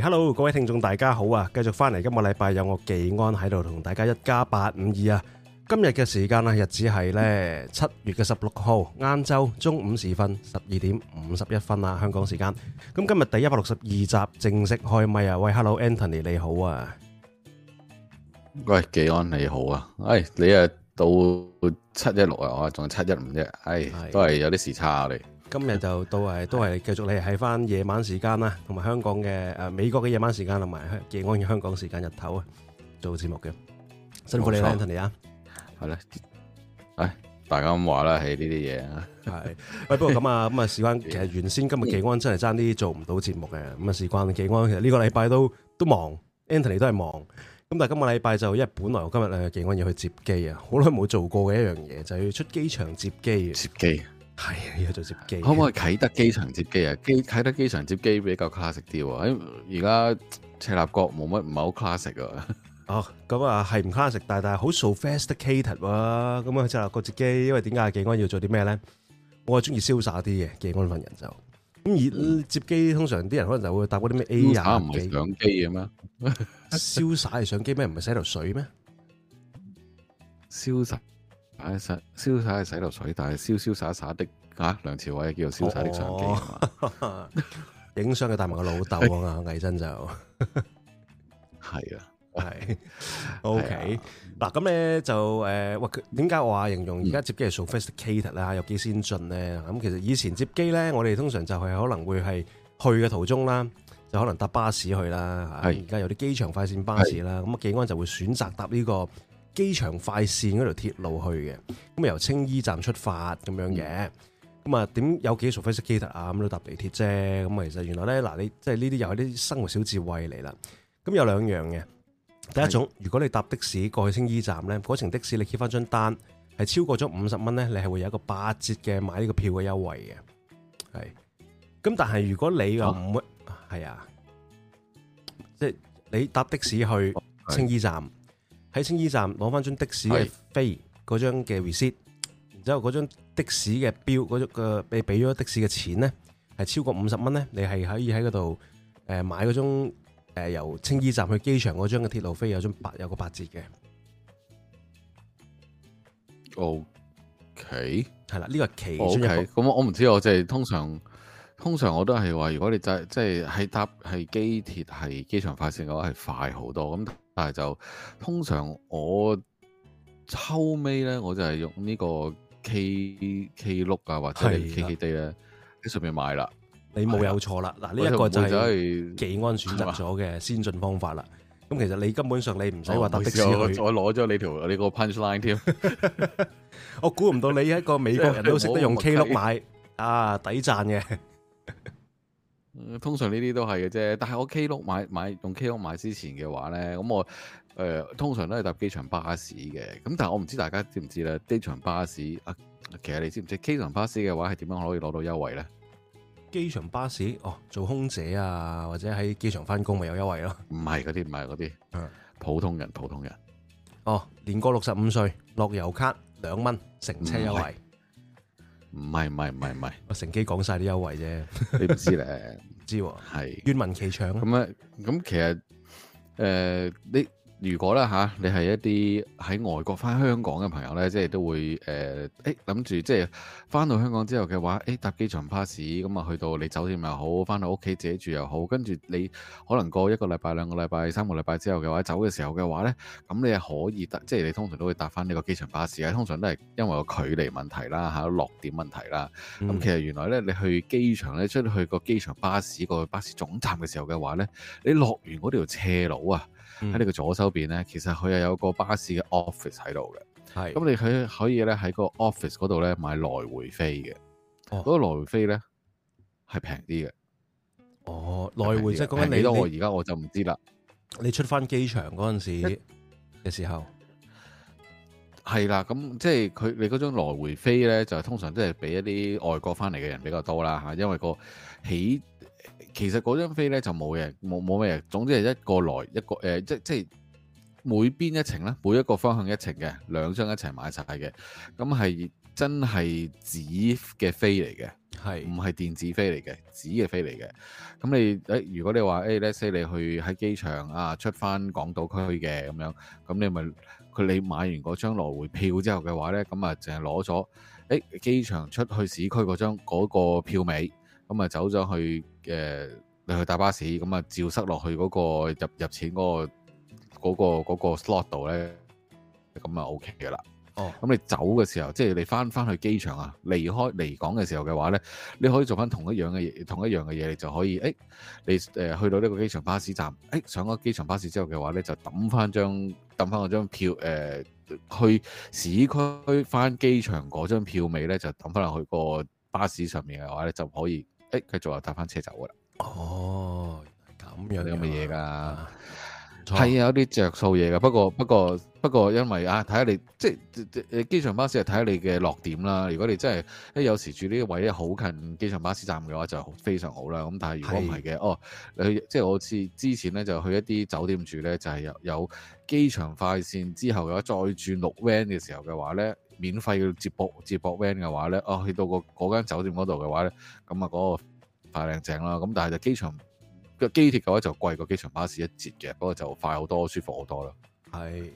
hello，各位聽眾大家好啊，繼續翻嚟，今個禮拜有我紀安喺度同大家一家八五二啊，今日嘅時間啊，日子係咧七月嘅十六號晏晝中午時分十二點五十一分啊，香港時間。咁今日第一百六十二集正式開咪啊，喂，hello，Anthony 你好啊，喂，紀安你好啊，哎，你啊到七一六啊，我仲七一五啫，哎，都係有啲時差啊你。今日就到係都係繼續你喺翻夜晚時間啦，同埋香港嘅，誒、啊、美國嘅夜晚時間，同埋紀安嘅香港時間日頭啊做節目嘅，辛苦你啦，Anthony、哎、啊，係咧，誒，大家咁話啦，係呢啲嘢啊，係喂，不過咁啊，咁啊事關其實原先今日紀安真係爭啲做唔到節目嘅，咁啊事關紀安其實呢個禮拜都都忙，Anthony 都係忙，咁但係今個禮拜就因為本來我今日誒紀安要去接機啊，好耐冇做過嘅一樣嘢，就係、要出機場接機，接機。係要做接機，可唔可以啟德機場接機啊？機啟德機場接機比較 classic 啲喎，因為而家赤鱲角冇乜唔係好 classic 啊。哦，咁啊係唔 classic，但係好 sophisticated 喎。咁啊赤鱲角接機，因為點解景安要做啲咩咧？我係中意瀟灑啲嘅景安份人就咁而接機，通常啲人可能就會搭嗰啲咩 A 二機，唔係相機嘅咩？瀟灑係相機咩？唔係洗頭水咩？瀟灑。擺、啊、晒，瀟灑係洗頭水，但係瀟瀟灑灑的吓、啊，梁朝偉叫做瀟灑的相機，哦、 影相嘅大麥嘅老豆啊， 魏真就係 是啊，係，O K，嗱咁咧就誒，哇、呃，點解我話形容而家接機係 sophisticated 咧、嗯？有幾先進咧？咁其實以前接機咧，我哋通常就係可能會係去嘅途中啦，就可能搭巴士去啦，係而家有啲機場快線巴士啦，咁啊，幾安就會選擇搭呢個。機場快線嗰條鐵路去嘅，咁啊由青衣站出發咁樣嘅，咁啊點有 f 幾熟悉機特啊，咁都搭地鐵啫，咁啊其實原來咧，嗱你即係呢啲又係啲生活小智慧嚟啦，咁有兩樣嘅，第一種如果你搭的士過去青衣站咧，嗰程的士你結翻張單係超過咗五十蚊咧，你係會有一個八折嘅買呢個票嘅優惠嘅。係，咁但係如果你又唔會，係啊，即係你搭的士去青衣站。喺青衣站攞翻張的士嘅飛嗰張嘅 receipt，然之後嗰張的士嘅表嗰個俾俾咗的士嘅錢咧，係超過五十蚊咧，你係可以喺嗰度誒買嗰種誒、呃、由青衣站去機場嗰張嘅鐵路飛有張八有個八折嘅。O K 係啦，呢個係其中一個。咁我唔知，我即係通常通常我都係話，如果你就係即係喺搭係機鐵係機場快線嘅話，係快好多咁。係就通常我後尾咧，我就係用呢個 KKlook 啊，或者 K K D 咧喺上面買啦。你冇有錯啦，嗱呢一個就係幾安選擇咗嘅先進方法啦。咁、就是、其實你根本上你唔使話搭的士去。我攞咗你條你個 punch line 添。 我估唔到你一個美國人都識得用 Klook 買啊，抵賺嘅。 通常呢啲都係嘅啫，但係我 K 隆買，買用 K 隆買之前嘅話咧，咁我誒、呃、通常都係搭機場巴士嘅，咁但係我唔知大家知唔知咧？機場巴士啊，其實你知唔知機場巴士嘅話係點樣可以攞到優惠咧？機場巴士，場巴士哦，做空姐啊，或者喺機場返工咪有優惠咯。唔係嗰啲，唔係嗰啲，普通人普通人。哦，年過六十五歲，樂悠卡兩蚊，乘車優惠。唔係唔係唔係唔係，我乘機講晒啲優惠啫，你唔知咧，唔 知係願聞其詳咁啊！咁其，其實誒、呃、你。如果咧嚇、啊，你係一啲喺外國翻香港嘅朋友呢，即係都會誒，誒諗住即係翻到香港之後嘅話，誒、欸、搭機場巴士咁啊，去到你酒店又好，翻到屋企自己住又好，跟住你可能過一個禮拜、兩個禮拜、三個禮拜之後嘅話，走嘅時候嘅話呢，咁你係可以搭，即係你通常都會搭翻呢個機場巴士嘅，通常都係因為個距離問題啦嚇、啊，落點問題啦。咁、嗯、其實原來呢，你去機場呢，出去個機場巴士、個巴士總站嘅時候嘅話呢，你落完嗰條斜路啊～喺、嗯、你個左手邊咧，其實佢又有個巴士嘅 office 喺度嘅。係，咁你佢可以咧喺個 office 嗰度咧買來回飛嘅。嗰來回飛咧係平啲嘅。哦，那個、來回即係講緊你俾到我而家我就唔知啦。你出翻機場嗰陣時嘅時候係啦，咁即係佢你嗰張來回飛咧，就係通常都係俾一啲外國翻嚟嘅人比較多啦嚇，因為個起。其實嗰張飛咧就冇嘅，冇冇咩嘢。總之係一個來一個，誒，即即係每邊一程咧，每一個方向一程嘅，兩張一齊買晒嘅。咁係真係紙嘅飛嚟嘅，係唔係電子飛嚟嘅？紙嘅飛嚟嘅。咁你誒，如果你話誒，let’s say 你去喺機場啊出翻港島區嘅咁樣，咁你咪佢你買完嗰張來回票之後嘅話咧，咁啊淨係攞咗誒機場出去市區嗰張嗰個票尾。咁啊，走、呃、咗去誒，你去搭巴士，咁啊，照塞落去嗰個入入錢嗰、嗰個嗰嗰、嗰個嗰個、slot 度咧，咁啊 OK 噶啦。哦，咁你走嘅時候，即係你翻翻去機場啊，離開離港嘅時候嘅話咧，你可以做翻同一樣嘅嘢，同一樣嘅嘢，你就可以，誒、欸，你、呃、去到呢個機場巴士站，誒、欸、上嗰機場巴士之後嘅話咧，就抌翻張抌翻嗰張票，誒、呃、去市區翻機場嗰張票尾咧，就抌翻落去個巴士上面嘅話咧，就可以。誒佢做話搭翻車走㗎啦，哦咁樣啲咁嘅嘢㗎，係、嗯、有啲着數嘢㗎。不過不過不過，不過因為啊睇下你即係誒機場巴士係睇下你嘅落點啦。如果你真係、欸、有時住呢個位好近機場巴士站嘅話，就非常好啦。咁但係如果唔係嘅，哦你去即係我似之前咧就去一啲酒店住咧，就係、是、有有機場快線之後嘅話再轉六 van 嘅時候嘅話咧。免費嘅接駁接駁 van 嘅話咧，哦、啊，去到、嗰個嗰間酒店嗰度嘅話咧，咁啊嗰個快靚正啦。咁但係就機場嘅機鐵嘅話就貴過機場巴士一截嘅，嗰個就快好多，舒服好多啦。係，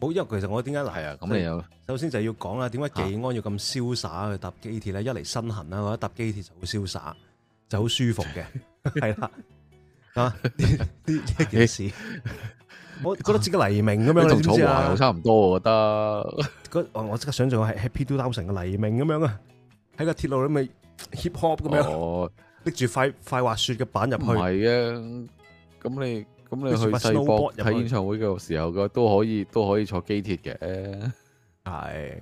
好，因為其實我覺得點解係啊？咁你又首先就係要講啦，點解技安要咁瀟灑去搭機鐵咧、啊？一嚟身痕啦，或者搭機鐵就好瀟灑，就好舒服嘅，係 啦是的，啊 呢 件事。 我覺得即刻黎明咁樣啦，知唔知啊？同彩虹又差唔多，我覺得。嗰我即刻想象係 Happy To Down 城嘅黎明咁樣啊，喺個鐵路裏咪 hip hop 咁樣，搦住塊塊滑雪嘅板入去。唔係嘅，咁你咁你去亞博睇演唱會嘅時候嘅都可以都可以坐機鐵嘅。係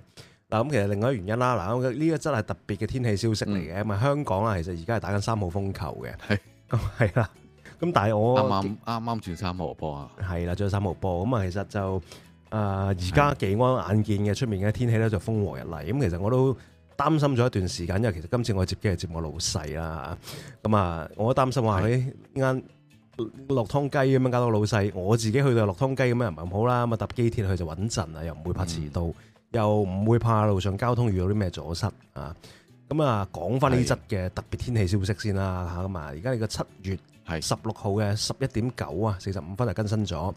嗱，咁其實另外一原因啦，嗱，呢個真係特別嘅天氣消息嚟嘅，唔係香港啦，其實而家係打緊三號風球嘅，係係啦。咁但係我啱啱啱啱轉三號波啊，係啦，轉三號波。咁、嗯、啊，其實就誒而家幾安眼見嘅出面嘅天氣咧就風和日麗。咁其實我都擔心咗一段時間，因為其實今次我接機係接我老細啦。咁、嗯、啊，我擔心話咧啱落湯雞咁樣搞到老細，我自己去到落湯雞咁樣唔係咁好啦。咁啊搭機鐵去就穩陣啊，又唔會怕遲到，嗯、又唔會怕路上交通遇到啲咩阻塞啊。咁啊，講翻呢則嘅特別天氣消息先啦吓，咁啊，而家呢個七月十六號嘅十一點九啊四十五分就更新咗。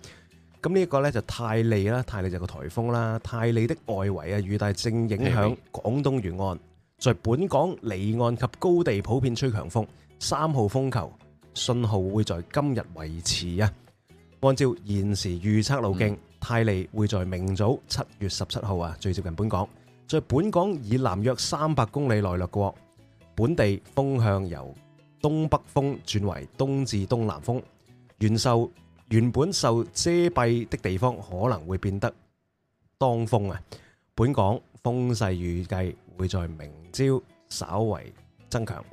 咁呢一個呢，就泰利啦，泰利就個颱風啦，泰利的外圍啊雨帶正影響廣東沿岸，在本港離岸及高地普遍吹強風，三號風球信號會在今日維持啊。按照現時預測路徑，嗯、泰利會在明早七月十七號啊最接近本港。在本港以南約三百公里內掠過，本地風向由東北風轉為東至東南風，原受原本受遮蔽的地方可能會變得當風啊。本港風勢預計會在明朝稍為增強，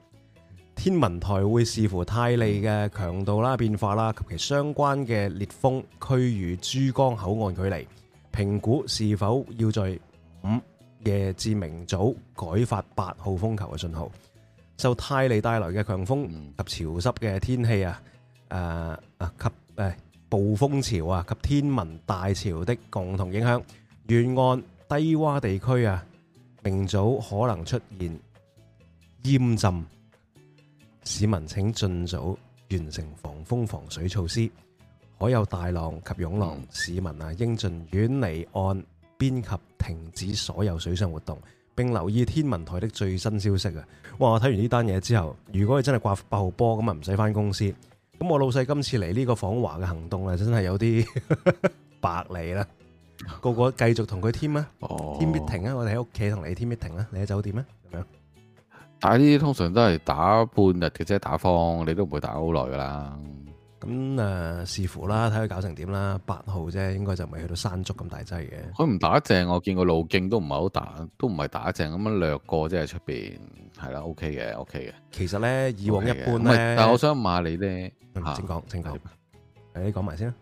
天文台會視乎泰利嘅強度啦、變化啦及其相關嘅烈風區與珠江口岸距離，評估是否要在五、嗯。夜至明早改發八號風球嘅信號，受泰利帶來嘅強風及潮濕嘅天氣啊，誒啊及誒暴風潮啊及天文大潮的共同影響，沿岸低洼地區啊明早可能出現淹浸，市民請盡早完成防風防水措施，可有大浪及湧浪，市民啊應盡遠離岸。邊及停止所有水上活動，並留意天文台的最新消息啊！哇，我睇完呢單嘢之後，如果佢真係掛八號波，咁啊唔使翻公司。咁我老細今次嚟呢個訪華嘅行動啊，真係有啲 白嚟啦。個個繼續同佢 team 啊、哦，team meeting 啊，我哋喺屋企同你 team meeting 啊，你喺酒店啊，咁樣。但係呢啲通常都係打半日嘅啫，打方你都唔會打好耐噶啦。咁誒、視、呃、乎啦，睇佢搞成點啦。八號啫，應該就唔係去到山竹咁大劑嘅。佢唔打正，我見個路徑都唔係好打，都唔係打正咁樣略過，即係出面係啦。OK 嘅，OK 嘅。其實咧，以往一般咧，但係我想問你你咧，點、嗯、講？點講？你講埋先啊。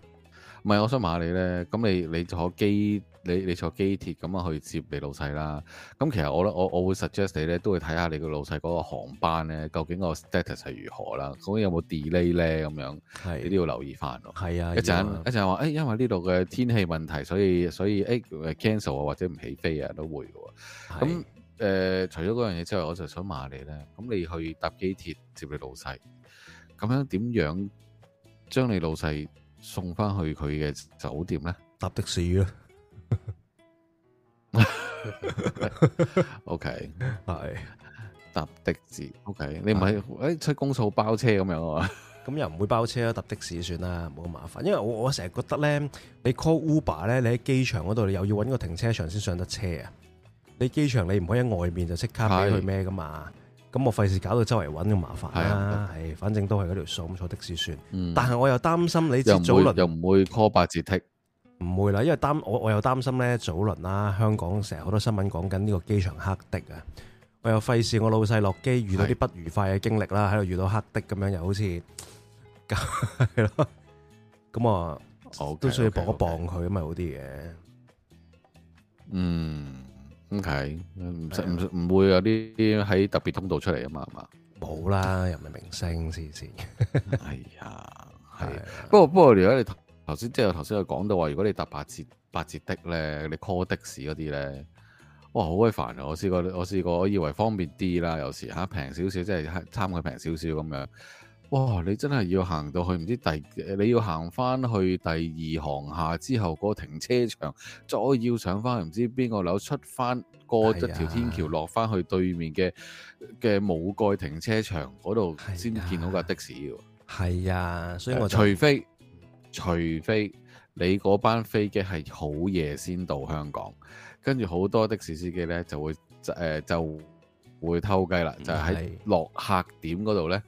唔係，我想問你咧，咁你你坐機？你你坐機鐵咁樣去接你老細啦，咁其實我咧我我會 suggest 你咧，都會睇下你個老細嗰個航班咧，究竟個 status 係如何啦，咁有冇 delay 咧咁樣，你都要留意翻咯。係啊，一陣一陣話，誒、哎、因為呢度嘅天氣問題，所以所以誒、哎、cancel 啊或者唔起飛啊都會嘅喎。咁誒、呃、除咗嗰樣嘢之外，我就想問你咧，咁你去搭機鐵接你老細，咁樣點樣將你老細送翻去佢嘅酒店咧？搭的士啦。O K，係搭的士。O、okay, K，你唔係誒出公數包車咁樣啊？咁又唔會包車，搭的士算啦，唔好咁麻煩。因為我我成日覺得咧，你 call Uber 咧，你喺機場嗰度你又要搵個停車場先上得車啊！你機場你唔可以喺外面就即刻俾佢咩噶嘛？咁我費事搞到周圍搵咁麻煩啦、啊。唉、啊，反正都係嗰條數，咁坐的士算。嗯、但係我又擔心你接早輪，又唔會,會 call 八字踢。唔會啦，因為擔我我又擔心咧，早輪啦，香港成日好多新聞講緊呢個機場黑的啊，我又費事我老細落機遇到啲不愉快嘅經歷啦，喺度遇到黑 的咁樣，又好似係咯，咁啊、okay, 都需要幫、okay, okay、一幫佢咁咪好啲嘅。嗯，OK，唔唔會有啲喺特別通道出嚟啊嘛，係嘛？冇啦，又唔係明星先先，係 啊、哎，係。不過不過如果你。頭先即係我頭先又講到話，如果你搭八折八折的咧，你 call 的士嗰啲咧，哇好鬼煩啊！我試過，我試過，我以為方便啲啦，有時吓平少少，即係參佢平少少咁樣。哇！你真係要行到去唔知第，你要行翻去第二行下之後，個停車場再要上翻唔知邊個樓，出翻過一條天橋、啊，落翻去對面嘅嘅冇蓋停車場嗰度，先見到個的士。係啊，所以我就除非。除非你嗰班飛機係好夜先到香港，跟住好多的士司機咧就會誒、呃、就會偷雞啦、嗯，就喺落客點嗰度咧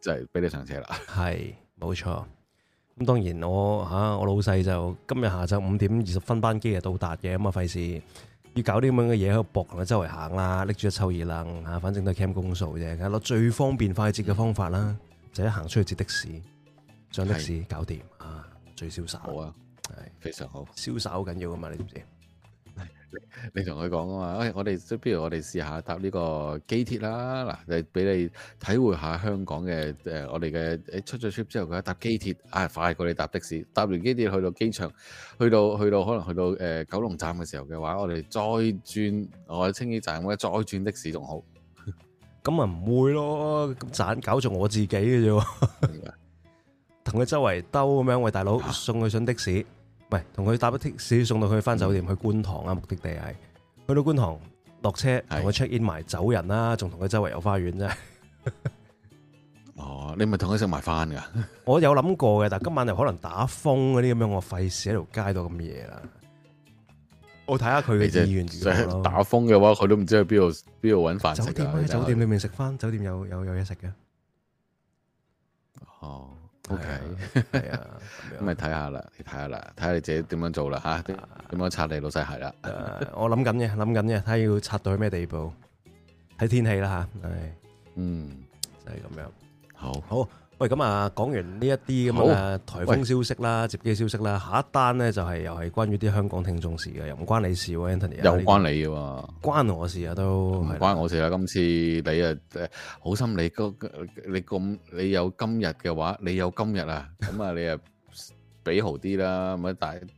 就係、是、俾你上車啦。係冇錯。咁當然我嚇、啊、我老細就今日下晝五點二十分班機就到達嘅，咁啊費事要搞啲咁樣嘅嘢喺度搏，同埋周圍行啦，拎住一抽二掕嚇，反正都係 claim 公數啫，攞最方便快捷嘅方法啦，就一行出去接的士。將的士搞掂啊，最瀟灑。好啊，係非常好。瀟灑好緊要㗎嘛，你知唔知？你同佢講啊嘛，喂、哎，我哋不如我哋試下搭呢個機鐵啦。嗱，俾你體會下香港嘅誒、呃，我哋嘅誒出咗 trip 之後，佢搭機鐵啊，快過你搭的士。搭完機鐵去到機場，去到去到，去到可能去到誒、呃、九龍站嘅時候嘅話，我哋再轉我青衣站咁樣，再轉的士仲好。咁啊唔會咯，咁盞搞著我自己嘅啫。 同佢周圍兜咁樣，喂，大佬送佢上的士，唔係同佢搭部的士送到佢翻酒店去觀塘啊！目的地係去到觀塘落車，同佢 check in 埋走人啦，仲同佢周圍有花園啫。 哦，你咪同佢食埋飯噶？我有諗過嘅，但係今晚又可能打風嗰啲咁樣，我費事喺條街度咁嘢啦。我睇下佢嘅意願，自己打風嘅話，佢都唔知去邊度邊度揾飯食啦，酒店咧、啊，酒店裏面食翻，酒店有有有嘢食嘅。哦。OK，係啊，咁咪睇下啦，你睇下啦，睇下你自己點樣做啦吓，點、啊啊、樣拆你老細鞋啦？啊啊、 我諗緊嘅，諗緊嘅，睇下要拆到去咩地步，睇天氣啦吓，唉，嗯，就係、是、咁樣，好，好。喂，咁啊，講完呢一啲咁嘅颱風消息啦，接機消息啦，下一單咧就係又係關於啲香港聽眾事嘅，又唔關你事喎、啊、Anthony。又關你嘅、啊、喎、這個？關我事啊都？唔關我事啊！今次你啊，好、嗯、心你，你咁，你有今日嘅話，你有今日啊，咁 啊，你啊，俾豪啲啦，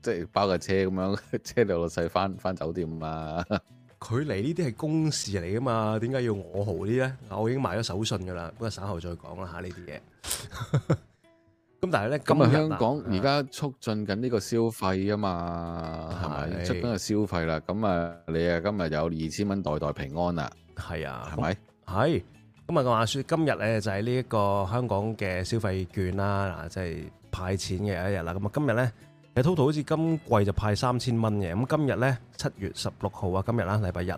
即係包架車咁樣，車到老細返返酒店啦、啊。距離呢啲係公事嚟㗎嘛，點解要我豪啲咧？我已經買咗手信㗎啦，咁啊稍後再講啦嚇呢啲嘢。咁但係咧，今日香港而家促進緊呢個消費啊嘛，係咪促緊個消費啦？咁啊，你啊今日有二千蚊袋袋平安啦，係啊，係咪？係今日嘅話説，今日咧就係呢一個香港嘅消費券啦，嗱即係派錢嘅一日啦。咁啊今日咧。其實 total 好似今季就派三千蚊嘅，咁今日咧七月十六號啊，今日啦，禮拜日，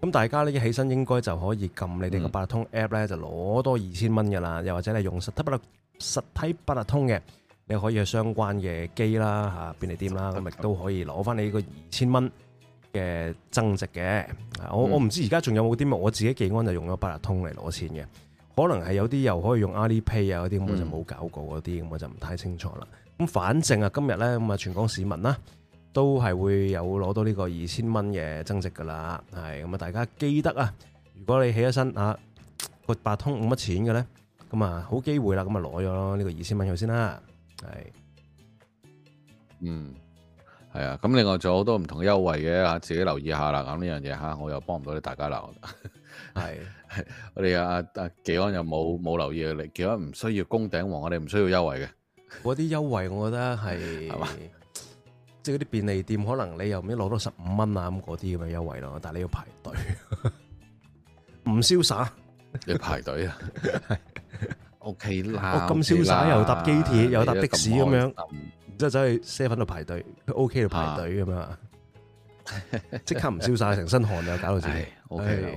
咁大家呢，一起身應該就可以撳你哋嘅八達通 app 咧，就攞多二千蚊嘅啦，又或者你用實體八達實體八達通嘅，你可以有相關嘅機啦、嚇便利店啦，咁亦都可以攞翻你呢個二千蚊嘅增值嘅、嗯。我我唔知而家仲有冇啲乜，我自己記安就用咗八達通嚟攞錢嘅，可能係有啲又可以用 Alipay 啊嗰啲，咁我就冇搞過嗰啲，咁我就唔太清楚啦。咁反正啊，今日咧咁啊，全港市民啦，都係會有攞到呢個二千蚊嘅增值噶啦，係咁啊！大家記得啊，如果你起咗身啊，個八通冇乜錢嘅咧，咁啊，好機會啦，咁啊，攞咗呢個二千蚊先啦，係，嗯，係啊，咁另外仲有好多唔同優惠嘅啊，自己留意下啦，咁呢樣嘢吓，我又幫唔到啲大家啦，係， 我哋阿阿技安又冇冇留意，你技安唔需要供頂王，我哋唔需要優惠嘅。嗰啲優惠，我覺得係係嘛，即係嗰啲便利店，可能你又唔知攞多十五蚊啊，咁嗰啲咁嘅優惠咯，但係你要排隊，唔瀟灑，要排隊啊。O K 啦，咁瀟灑又搭機鐵，又搭的士咁樣，然之後走去七仔度排隊，佢 O K 度排隊咁啊，即刻唔瀟灑，成身汗又搞到自己。O K 啦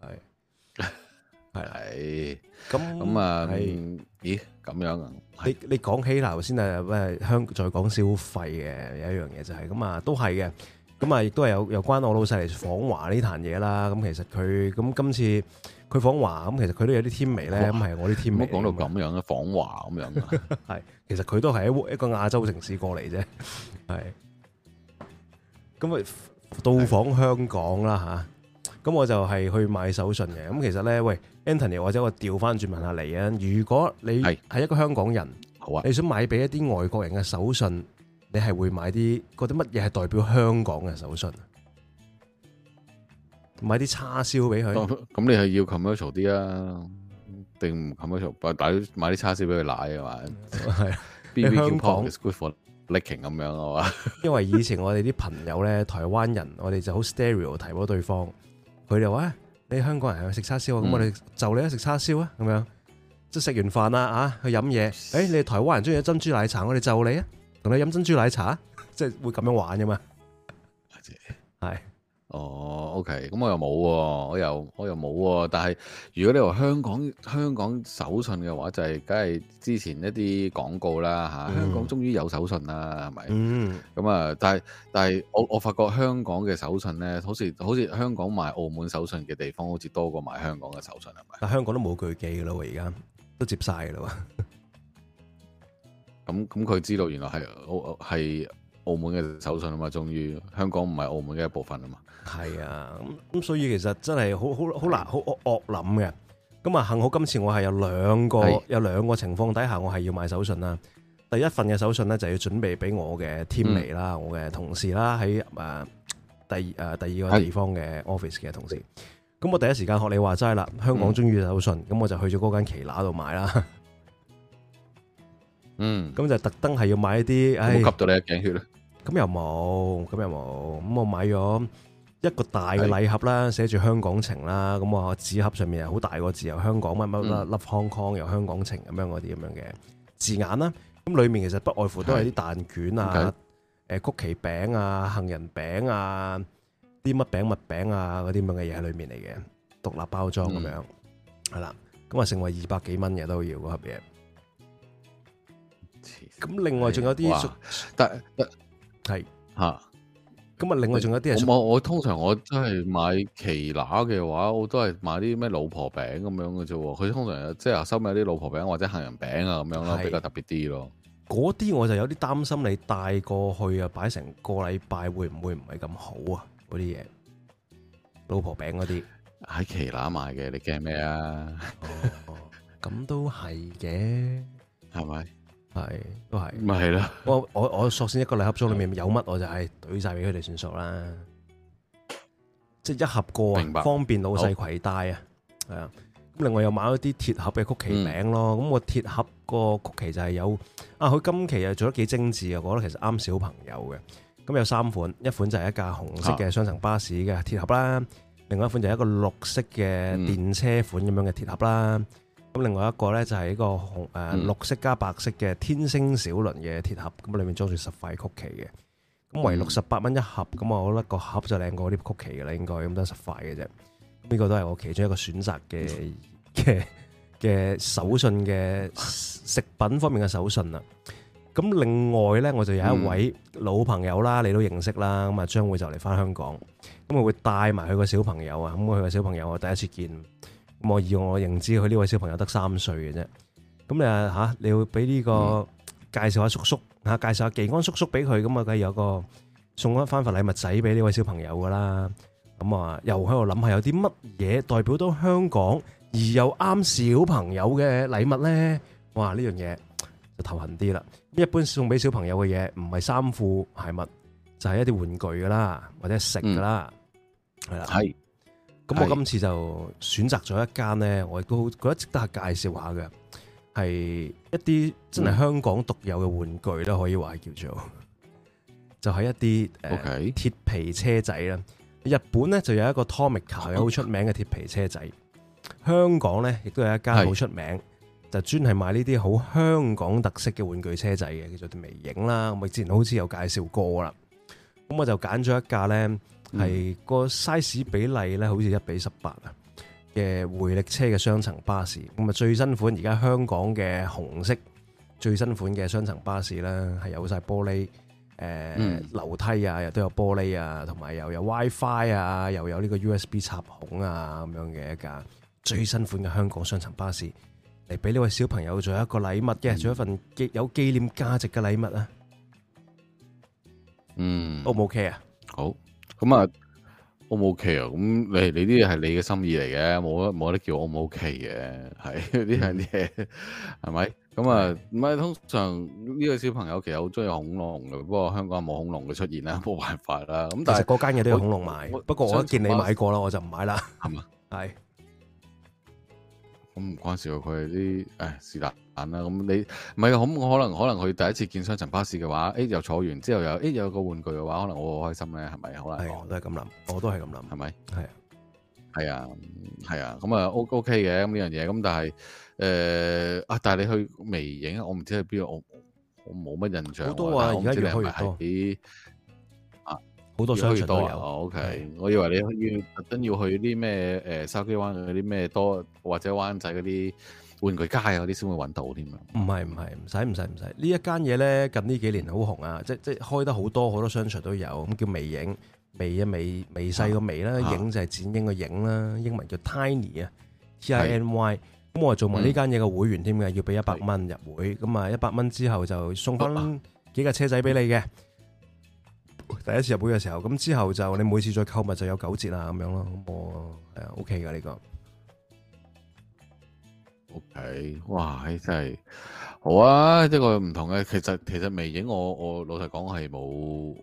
，O K 啦，係係係咁咁啊。咦，咁樣啊？你你講起啦，頭先啊咩香再講消費嘅有一樣嘢就係咁啊，都係嘅，咁啊亦都係有有關我老細嚟訪華呢壇嘢啦。咁其實佢咁今次佢訪華咁，其實佢都有啲天眉咧，咁係我啲天眉。講到咁樣嘅訪華咁樣，係其實佢都係喺一個亞洲城市過嚟啫，係。咁啊到訪香港啦嚇，咁我就係去買手信嘅。咁其實咧，喂。Anthony 或者我調翻轉問下你啊，如果你係一個香港人，好啊，你想買俾一啲外國人嘅手信，你係會買啲嗰啲乜嘢係代表香港嘅手信、哦、啊？買啲叉燒俾佢，咁你係要 commercial 啲啊，定唔 commercial？買啲啲叉燒俾佢奶嘅嘛？係啊，你香港係 good for licking 咁樣啊嘛？ 因為以前我哋啲朋友咧，台灣人，我哋就好 stereo 提過對方，佢哋話。你香港人係咪食叉燒啊，咁我哋就你啊食叉燒啊，咁樣即係食完飯啦啊去飲嘢。誒、欸，你哋台灣人中意珍珠奶茶，我哋就你啊，同你飲珍珠奶茶， 即係會咁樣玩嘅嘛。啊、姐，係。哦、oh，OK，咁我又冇喎，我又我又冇喎，但係如果你話香港香港手信嘅話，就係梗係之前一啲廣告啦，吓、啊、香港終於有手信啦，係咪？嗯，咁啊，但係但係我我發覺香港嘅手信咧，好似好似香港賣澳門手信嘅地方好似多過賣香港嘅手信，係咪？但香港都冇巨記咯，而家都接晒噶啦，咁咁佢知道原來係係。嗯嗯嗯嗯嗯嗯澳門嘅手信啊嘛，終於香港唔係澳門嘅一部分啊嘛。係啊，咁咁所以其實真係好好好難好惡惡諗嘅。咁啊，很很幸好今次我係有兩個有兩個情況底下，我係要買手信啦。第一份嘅手信呢，就要準備俾我嘅 team 嚟啦，我嘅同事啦，喺誒第誒、啊、第二個地方嘅 office 嘅同事。咁我第一時間學你話齋啦，香港中意手信，咁、嗯、我就去咗嗰間奇華度買啦。 嗯，咁就特登係要買一啲，唉，吸到你嘅頸血啦。咁又冇，咁又冇，咁我買咗一個大嘅禮盒啦，寫住香港情啦，咁啊紙盒上面係好大個字，由香港乜乜粒立 Hong Kong 由香港情咁樣嗰啲咁樣嘅字眼啦。咁裏面其實不外乎都係啲蛋卷、okay。啊、誒曲奇餅啊、杏仁餅啊、啲乜餅、物餅啊嗰啲咁嘅嘢喺裏面嚟嘅，獨立包裝咁樣，係、嗯、啦，咁啊成為二百幾蚊嘅都要嗰盒嘢。咁另外仲有啲，係吓，咁啊，另外仲有啲人，我我，我通常我真係買奇拿嘅話，我都係買啲咩老婆餅咁樣嘅啫。佢通常即係收埋啲老婆餅或者杏仁餅啊咁樣咯，比較特別啲咯。嗰啲我就有啲擔心，你帶過去啊，擺成個禮拜會唔會唔係咁好啊？嗰啲嘢，老婆餅嗰啲喺奇拿買嘅，你驚咩啊？哦，咁都係嘅，係 咪？係，都係，咪係啦！我我我索先，一個禮盒裝裏面有乜我就係懟晒俾佢哋算數啦！即係一盒過啊，方便老細攜帶啊，係啊！咁另外又買咗啲鐵盒嘅曲奇餅咯。咁、嗯個鐵盒個曲奇就係有啊，佢今期又做得幾精緻啊！我覺得其實啱小朋友嘅。咁有三款，一款就係一架紅色嘅雙層巴士嘅鐵盒啦，啊，另外一款就係一個綠色嘅電車款咁樣嘅鐵盒啦。嗯咁另外一個咧就係一個紅誒、呃、綠色加白色嘅天星小輪嘅鐵盒，咁、嗯、裏面裝住十塊曲奇嘅，咁為六十八蚊一盒，咁、嗯、我覺得個盒就靚過啲曲奇嘅啦，應該咁都十塊嘅啫。呢、那個都係我其中一個選擇嘅嘅嘅手信嘅食品方面嘅手信啦。咁另外咧，我就有一位老朋友啦，你都認識啦，咁啊將會就嚟翻香港，咁我會帶埋佢個小朋友啊，咁我佢個小朋友我第一次見。咁我以我認知佢呢位小朋友得三歲嘅啫，咁你啊吓，你會俾呢個介紹下叔叔吓，介紹下技安叔叔俾佢，咁啊梗係有個送翻翻份禮物仔俾呢位小朋友噶啦，咁啊又喺度諗下有啲乜嘢代表到香港而又啱小朋友嘅禮物咧？哇，呢樣嘢就頭痕啲啦。一般送俾小朋友嘅嘢唔係衫褲鞋襪，就係一啲玩具噶啦，或者食噶啦，係啦，係。咁我今次就選擇咗一間咧，我亦都覺得值得介紹下嘅，係一啲真係香港獨有嘅玩具都可以話係叫做，就係、是、一啲、呃、鐵皮車仔啦。日本咧就有一個 Tomica 嘅好出名嘅鐵皮車仔，香港咧亦都有一間好出名是，就專係賣呢啲好香港特色嘅玩具車仔嘅，叫做微影啦。我之前好似有介紹過啦，咁我就揀咗一架咧。係個 size 比例咧，好似一比十八啊嘅回力車嘅雙層巴士。咁啊，最新款而家香港嘅紅色最新款嘅雙層巴士啦，係有晒玻璃誒、呃嗯、樓梯啊，又都有玻璃啊，同埋又有 WiFi 啊，又有呢個 USB 插孔啊咁樣嘅一架最新款嘅香港雙層巴士嚟俾呢位小朋友做一個禮物嘅，做、嗯、一份有紀念價值嘅禮物啊。嗯，O 唔 OK 啊？好。咁啊，O 唔 O K 啊？咁你你啲嘢係你嘅心意嚟嘅，冇冇得叫我 O 唔 O K 嘅。係呢樣嘢，係咪？咁啊，唔係通常呢個小朋友其實好中意恐龍嘅，不過香港冇恐龍嘅出現啦，冇辦法啦。咁但係嗰間嘢都有恐龍賣，不過我一見你買過啦，我就唔買啦。係，咁唔關事啊，佢哋啲誒是啦。咁咁你唔係咁，我可能可能佢第一次見雙層巴士嘅話，誒，又坐完之後又，誒，有個玩具嘅話，可能我好開心咧，係咪？可能我都係咁諗，我都係咁諗，係咪？係啊，係啊，係啊，咁啊，O，O，K 嘅，咁呢樣嘢，咁、嗯 okay、但係，誒、呃，啊，但係你去微影，我唔知係邊度，我我冇乜印象，好多啊，而家越開越多，啊，好多商場都有，O，K，我以為你要特登要去啲咩，誒、呃，筲箕灣嗰啲咩多，或者灣仔嗰啲。玩具街啊，嗰啲先會揾到添啊！唔係唔係唔使唔使唔使，呢一間嘢咧近呢幾年好紅啊！即即開得好多好多商場都有，咁叫微影微，微，微，微啊微微細個微啦，影就係剪影個影啦，英文叫 tiny 啊，t i n y。咁我做埋呢間嘢嘅會員添嘅，要俾一百蚊入會，咁啊一百蚊之後就送翻幾架車仔俾你嘅、啊。第一次入會嘅時候，咁之後就你每次再購物就有九折啊咁樣咯。咁我係啊 OK 嘅呢、呢個。O、okay, K，哇，真係好啊！一、這個唔同嘅，其實其實微影，我我老實講係冇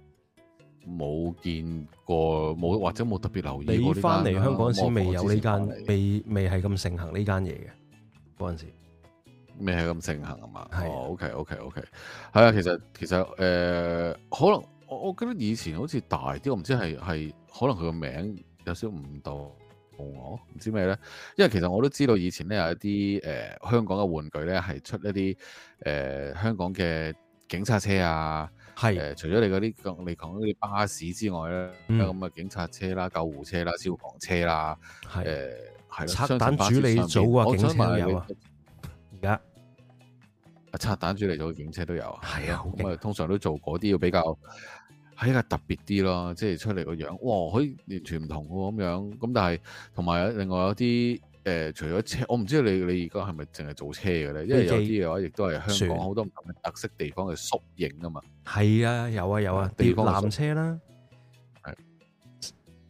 冇見過，冇或者冇特別留意。你翻嚟香港先未、啊、有呢間，未未係咁盛行呢間嘢嘅嗰陣時，未係咁盛行啊？嘛，係 O K O K O K，係啊，其實其實誒，可能我我記得以前好似大啲，我唔知係係可能佢個名有少少唔同。我、哦、唔知咩咧，因為其實我都知道以前咧有一啲誒、呃、香港嘅玩具咧係出一啲誒、呃、香港嘅警察車啊，係誒、呃、除咗你嗰啲你講啲巴士之外咧，咁、嗯、嘅警察車啦、救護車啦、消防車啦，係誒係啦。拆彈處理組啊，警車有啊，而家啊拆彈處理組嘅警車都有啊，係啊，咁、嗯、啊、okay、通常都做嗰啲要比較。睇下特別啲咯，即係出嚟個樣，哇！可以完全唔同喎咁樣，咁但係同埋另外有啲誒，除咗車，我唔知你你而家係咪淨係做車嘅咧？因為有啲嘅話亦都係香港好多唔同嘅特色地方嘅縮影啊嘛。係啊，有啊有啊，吊纜車啦，係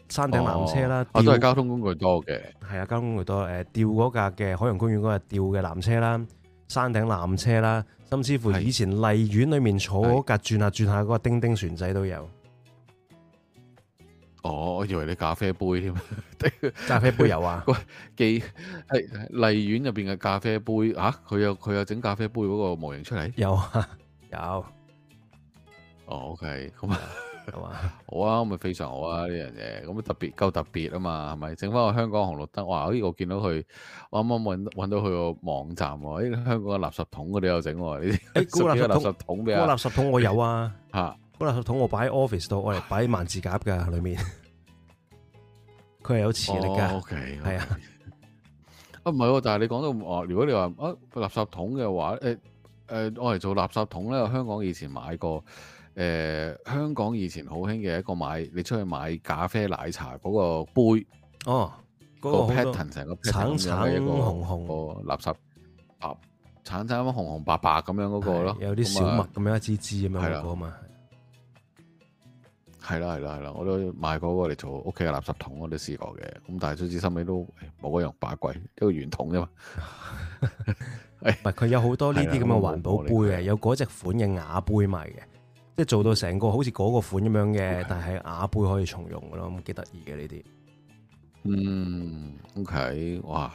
山頂纜車啦，都係交通工具多嘅。係啊，交通工具多誒，吊嗰架嘅海洋公園嗰個吊嘅纜車啦，山頂纜車啦。甚、嗯、至乎以前荔園裏面坐嗰架轉下轉下嗰、嗰個叮叮船仔都有，哦，我以為你咖啡杯添， 咖啡杯有啊？ 記係荔園入邊嘅咖啡杯啊？佢有佢有整咖啡杯嗰個模型出嚟？有啊，有。哦，OK，咁。啊。係嘛？好啊，咁咪非常好啊！呢樣嘢咁特別，夠特別啊嘛，係咪？整翻個香港紅綠燈，哇！呢個我見到佢，我啱啱搵到佢個網站喎。呢、哎、香港嘅垃、哎嗰個、垃圾桶，我哋又整喎。呢啲誒，垃圾桶咩啊？嗰個、垃圾桶我有啊，吓、嗰個哦 okay, okay, 啊啊啊啊，垃圾桶我擺喺 office 度，我嚟擺喺萬字夾噶裏面，佢係有磁力噶，係啊。啊，唔係，但係你講到咁如果你話啊垃圾桶嘅話，誒、欸、誒，我、呃、嚟做垃圾桶咧，香港以前買過。誒，香港以前好興嘅一個買，你出去買咖啡奶茶嗰個杯哦，那個那個 pattern 成個 pattern 橙橙紅紅個垃圾白橙橙紅紅白白咁樣嗰個咯，有啲小麥咁樣一支支咁樣嗰個嘛，係啦係啦係啦，我都買過嗰個嚟做屋企嘅垃圾桶，我都試過嘅，咁但係最至心尾都冇嗰、哎、樣把貴，一個圓筒啫嘛，唔係佢有好多呢啲咁嘅環保、嗯、杯嘅，有嗰隻款嘅瓦杯賣嘅。即係做到成個好似嗰個款咁樣嘅，okay。但係瓦杯可以重用嘅咯，咁幾得意嘅呢啲。嗯，OK，哇，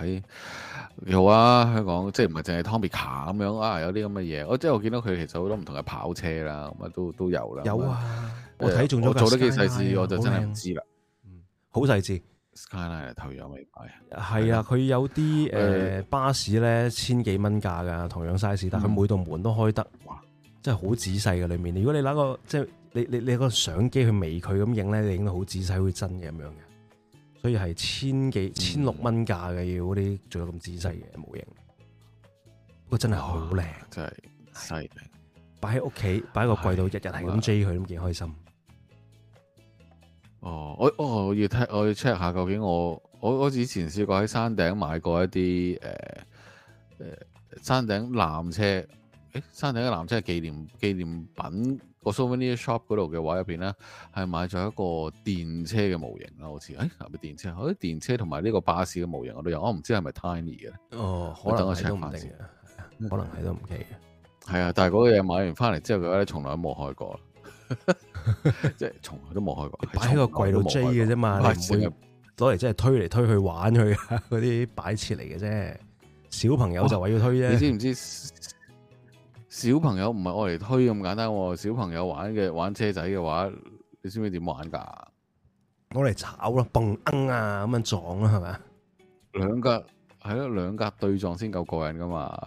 好啊，香港即係唔係淨係 Tomica 咁樣啊，有啲咁嘅嘢。我即係我見到佢其實好多唔同嘅跑車啦，咁啊都都有啦。有啊，我睇中咗。做得幾細緻，我就真係唔知啦、啊啊呃。嗯，好細緻。Skyline 頭有尾擺啊，係啊，佢有啲誒巴士咧千幾蚊價噶，同樣 size，但佢每道門都開得。嗯真係好仔細嘅裏面，如果你攞個即係你你你個相機去微距咁影咧，你影到好仔細，好似真嘅咁樣嘅。所以係千幾千六蚊價嘅，要嗰啲仲有咁仔細嘅模型，不過真係好靚，真係細。擺喺屋企，擺個櫃度，日日係咁追佢，都幾開心。哦，我我要睇，我要 check 下究竟我我我以前試過喺山頂買過一啲誒誒山頂纜車。欸、山頂嘅纜車紀念紀念品、嗰個 Souvenir Shop 嗰度嘅話入邊咧，係買咗一個電車嘅模型啦、啊，好似誒，係、欸、咪電車？我啲電車同埋呢個巴士嘅模型我都有，我、哦、唔知係咪 Tiny 嘅。哦，可能係都唔定嘅，可能係都唔奇嘅。係 啊，但係嗰個嘢買完翻嚟之後嘅話咧，從來都冇開過，即係從來都冇開過，擺喺個櫃度 J 嘅啫嘛，你唔會攞嚟即係推嚟推去玩去嗰啲擺設嚟嘅啫，小朋友、哦、就話要推啫，你知唔知？小朋友唔係我嚟推咁簡單，小朋友玩嘅玩車仔嘅話，你知唔知點玩噶？攞嚟炒咯，蹦蹬啊咁樣撞啊，係咪？兩格係咯，兩格對撞先夠過癮噶嘛？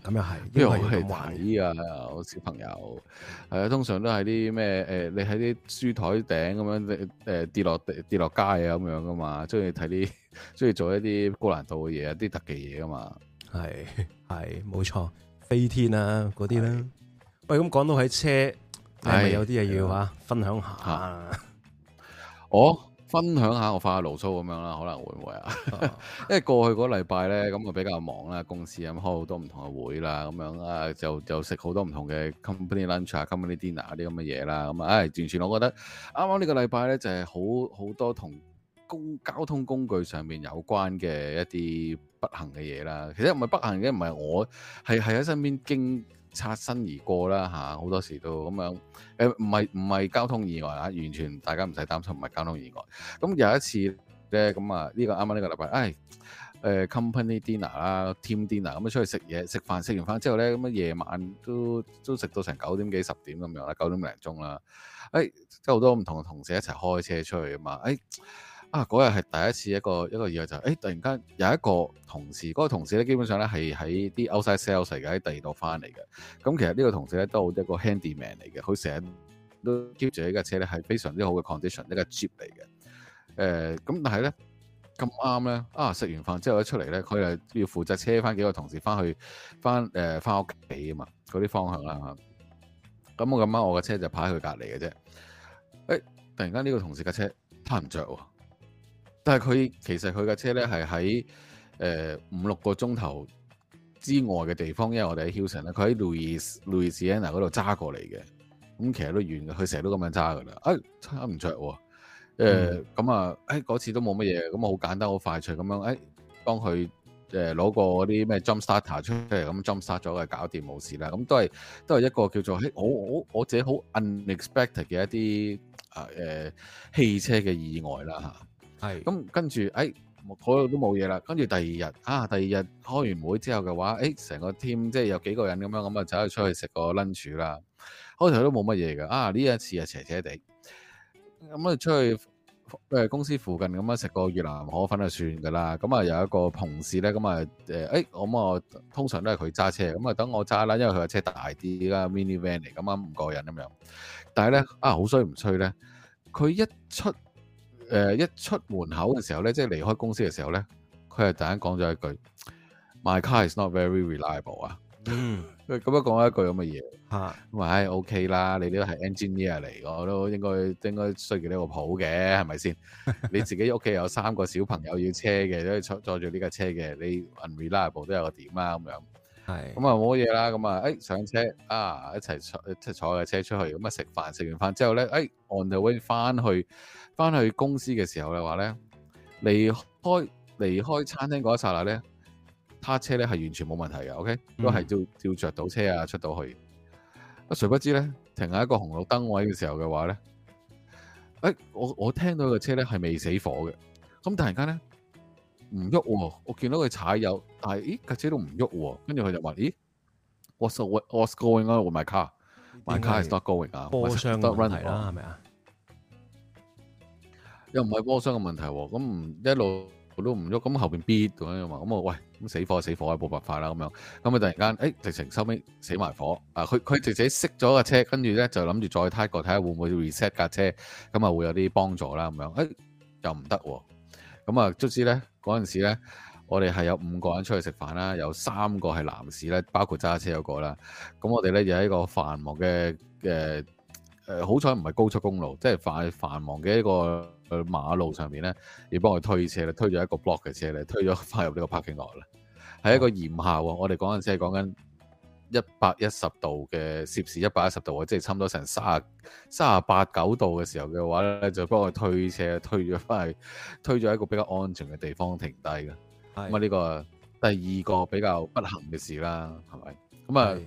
咁又係，因為我係睇啊，我小朋友係啊，通常都係啲咩誒，你喺啲書台頂咁樣誒跌、呃、落跌落街啊咁樣噶嘛，中意睇啲中意做一啲高難度嘅嘢，啲特技嘢噶嘛？係係冇錯。飛天啊，嗰啲啦，喂，咁講到喺車，係有啲嘢要分享下啊、哦？分享下，我分享下，我發下牢騷咁樣啦，可能會唔會啊？因為過去嗰禮拜咧，咁啊比較忙啦，公司咁開好多唔同嘅會啦，咁樣啊，就就食好多唔同嘅 company lunch 啊，company dinner 嗰啲咁嘅嘢啦，咁啊，唉，完全我覺得啱啱呢個禮拜咧，就係好好多同公交通工具上面有關嘅一啲。不幸嘅嘢啦，其實唔係不幸嘅，唔係我係係喺身邊經擦身而過啦嚇，好多時都咁樣誒，唔係唔係交通意外啊，完全大家唔使擔心，唔係交通意外。咁有一次咧，咁啊呢個啱啱呢個禮拜，誒、哎、誒、呃、company dinner 啦，team dinner，咁啊出去食嘢食飯，食完飯之後咧，咁啊夜晚都都食到成九點幾十點咁樣啦，九點零鐘啦，誒即係好多唔同嘅同事一齊開車出去啊嘛，誒、哎。啊！嗰日係第一次一個一個意外就係、是，誒，突然間有一個同事，嗰、那個同事咧基本上咧係喺啲 outside sales 嚟嘅，喺第二度翻嚟嘅。咁、嗯、其實呢個同事咧都好一個 handy man 嚟嘅，佢成日都 keep 住呢架車咧係非常之好嘅 condition，一個 jeep 嚟嘅。誒、呃，咁但係咧咁啱咧，啊，食完飯之後一出嚟咧，佢係要負責車翻幾個同事翻去翻誒翻屋企啊嘛，嗰啲方向啦。咁、嗯嗯、我咁啱我嘅車就排喺佢隔離嘅啫。誒，突然間呢個同事架車攤唔着喎。但係佢其實佢架車咧係喺誒五六個鐘頭之外嘅地方，因為我哋喺 Houston 咧，佢喺 Louis Louisiana 嗰度揸過嚟嘅。咁其實都遠嘅，佢成日都咁樣揸噶啦。哎，差唔着喎。誒咁啊，誒、呃、嗰、嗯嗯哎、次都冇乜嘢，咁啊好簡單好快脆咁樣。誒、哎，當佢誒攞個啲咩 jump starter 出嚟，咁 jump start 咗佢搞掂冇事啦。咁、嗯、都係都係一個叫做喺我我，我自己好 unexpected 嘅一啲啊誒汽車嘅意外啦嚇。係，咁跟住，誒，嗰度都冇嘢啦。跟住、哎、第二日，啊，第二日開完會之後嘅話，誒、哎，成個 team 即係有幾個人咁樣，咁啊，走去出去食個 lunch 啦。開頭都冇乜嘢㗎，啊，呢一次啊，斜斜地，咁啊，出去誒、呃、公司附近咁啊，食、嗯、個越南河粉就算㗎啦。咁、嗯、啊，有一個同事咧，咁、嗯、啊，誒、哎，誒，咁啊，通常都係佢揸車，咁、嗯、啊，等我揸啦，因為佢個車大啲啦，minivan 嚟，咁啱五個人咁樣。但係咧，啊，好衰唔衰咧？佢一出。誒，一出門口嘅時候咧，即係離開公司嘅時候咧，佢係突然講咗一句，My car is not very reliable 啊。咁樣講咗一句咁嘅嘢，咁話唉，OK 啦，你呢個係 engineer 嚟，我都應該應該需要呢個譜嘅，係咪先？你自己屋企有三個小朋友要車嘅，都係坐坐住呢架車嘅，你 unreliable 都有個點啊，咁樣係。咁啊冇乜嘢啦，咁啊，誒上車啊一齊坐即係坐架車出去，咁啊食飯，食完飯之後咧，誒 on the way 翻去。翻去公司嘅時候嘅話咧，離開離開餐廳嗰一剎那咧，架車咧係完全冇問題嘅，OK、嗯、都係照照著到車啊出到去。啊，誰不知咧停喺一個紅綠燈位嘅時候嘅話咧，誒、哎，我我聽到個車咧係未死火嘅，咁突然間咧唔喐，我見到佢踩油，但係咦架車都唔喐，跟住佢就話咦，what’s what’s going on with my car？My car is not going on, not 啊，波箱問題啦，係咪啊？又唔係波箱嘅問題喎，咁唔一路都唔喐，咁後邊必咁樣話，咁我喂咁死火死火啊，冇辦法啦咁樣，咁啊突然間，誒、欸、直情收尾死埋火啊！佢佢直情熄咗架車，跟住咧就諗住再睇過睇下會唔會 reset 架車，咁啊會有啲幫助啦咁樣，誒、欸、又唔得喎，咁啊總之咧嗰陣時咧，我哋係有五個人出去食飯啦，有三個係男士咧，包括揸車一個啦，咁我哋咧亦係一個繁忙嘅誒。好彩唔係高速公路，即係繁繁忙嘅一個馬路上面咧，要幫佢推車咧，推咗一個 block 嘅車咧，推咗翻入呢個 parking 落，嗯、係一個炎夏，我哋嗰陣時係講緊一百一十度嘅攝氏一百一十度，即係差唔多成三啊三啊八九度嘅時候嘅話咧，就幫佢推車，推咗翻去，推咗一個比較安全嘅地方停低嘅。咁啊，呢個第二個比較不幸嘅事啦，係咪？咁啊，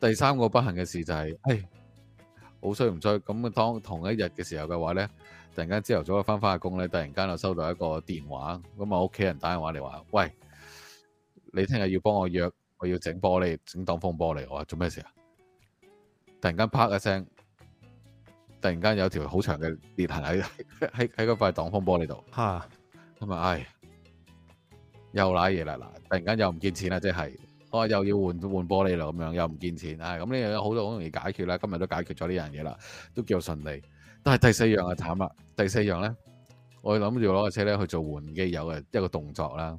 第三個不幸嘅事就係、是，誒。好衰唔衰咁？當同一日嘅時候嘅話咧，突然間朝頭早翻翻下工咧，突然間又收到一個電話，咁啊屋企人打電話嚟話：喂，你聽日要幫我約，我要整玻璃，整擋風玻璃。我話做咩事啊？突然間啪一聲，突然間有條好長嘅裂痕喺喺喺嗰塊擋風玻璃度。吓咁啊！唉，又瀨嘢啦嗱，突然間又唔見錢啦，即係。啊、又要換換玻璃啦，咁樣又唔見錢，唉、啊，咁呢樣好多好容易解決啦，今日都解決咗呢樣嘢啦，都叫順利。但係第四樣就慘啦，第四樣咧，我諗住攞架車咧去做換機油嘅一個動作啦。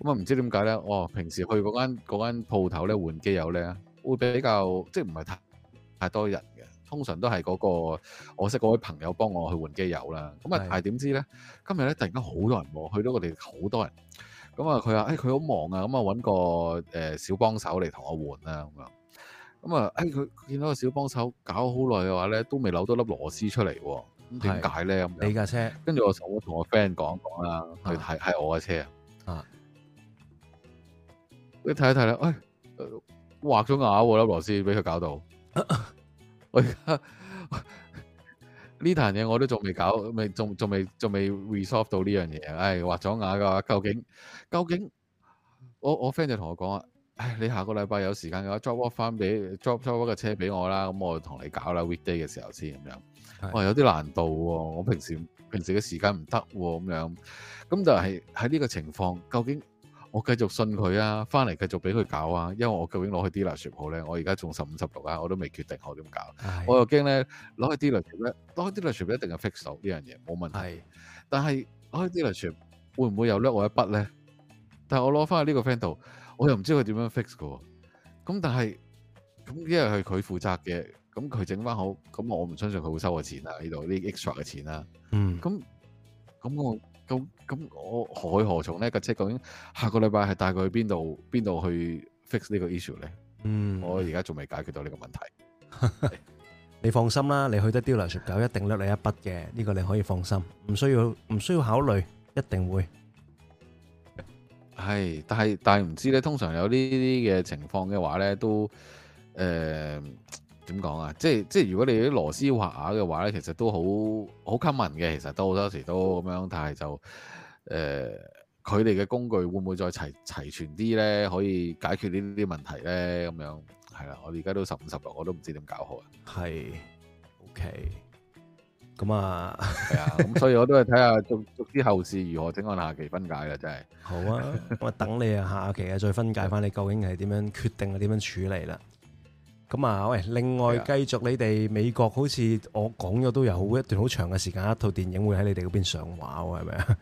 咁、嗯、啊，唔知點解咧？我、哦、平時去嗰間嗰間鋪頭咧換機油咧，會比較即係唔係太太多人嘅，通常都係嗰、嗰個我識嗰位朋友幫我去換機油啦。咁啊，係點知咧？今日咧突然間好多，多人，去到我哋好多人。咁啊，佢、哎、話，誒，佢好忙啊，咁、呃哎、啊，揾個誒小幫手嚟同我換啦，咁樣。咁啊，誒，佢見到個小幫手搞好耐嘅話咧，都未扭到粒螺絲出嚟喎。咁點解咧？咁你架車，跟住我同我 friend 講講啦，佢係係我嘅車啊。你睇一睇啦，喂、哎，畫咗牙喎，了了粒螺絲俾佢搞到，啊我而家呢單嘢我都仲未搞，未仲仲未仲未 resolve 到呢樣嘢。唉、哎，畫咗眼嘅究竟究竟我我 friend 就同我講啊，唉、哎，你下個禮拜有時間嘅話，drop off 翻俾 drop drop off 嘅車俾我啦，咁、嗯、我同你搞啦 weekday 嘅時候先咁樣。哇、哦，有啲難度喎、啊，我平時平時嘅時間唔得喎，咁樣。咁就係喺呢個情況，究竟我繼續信佢啊，翻嚟繼續俾佢搞啊，因為我究竟攞去 D i 粒雪好咧，我而家仲十五十六啊，我都未決定我點搞，我又驚咧攞去 D 粒咧，攞去 D 粒雪泡一定係 fix 手呢樣嘢冇問題，但係攞去 D i 粒雪，會唔會又甩我一筆咧？但係我攞翻去呢個 friend 度，我又唔知佢點樣 fix 嘅，咁但係咁因為係佢負責嘅，咁佢整翻好，咁我唔相信佢會收我錢啊。呢度呢 e x t r a 嘅錢啦，嗯，咁咁我。咁咁我何去何從咧？即係究竟下個禮拜係帶佢去邊度？邊度去 fix 呢個 issue 咧？嗯，我而家仲未解決到呢個問題。你放心啦，你去得雕梁雪狗一定甩你一筆嘅，呢個你可以放心，唔需要唔需要考慮，一定會。係，但係但係唔知咧，通常有呢啲嘅情況嘅話咧，都誒。點講啊？即係即係，如果你啲螺絲滑牙嘅話咧，其實都好好 common 嘅。其實都好多時都咁樣，但係就誒，佢哋嘅工具會唔會再齊齊全啲咧？可以解決呢啲問題咧？咁樣係啦。我哋而家都十五十六，我都唔知點搞好啊。係，OK。咁、嗯、啊，係啊。咁所以我都係睇下，逐 之知後事如何，整下下期分解啦，真係。好啊。我等你啊，下期啊，再分解翻你究竟係點樣決定啊，點 樣處理啦。咁啊，喂！另外，繼續你哋美國好似我講咗都有好一段好長嘅時間，一套電影會喺你哋嗰邊上畫喎，係咪啊？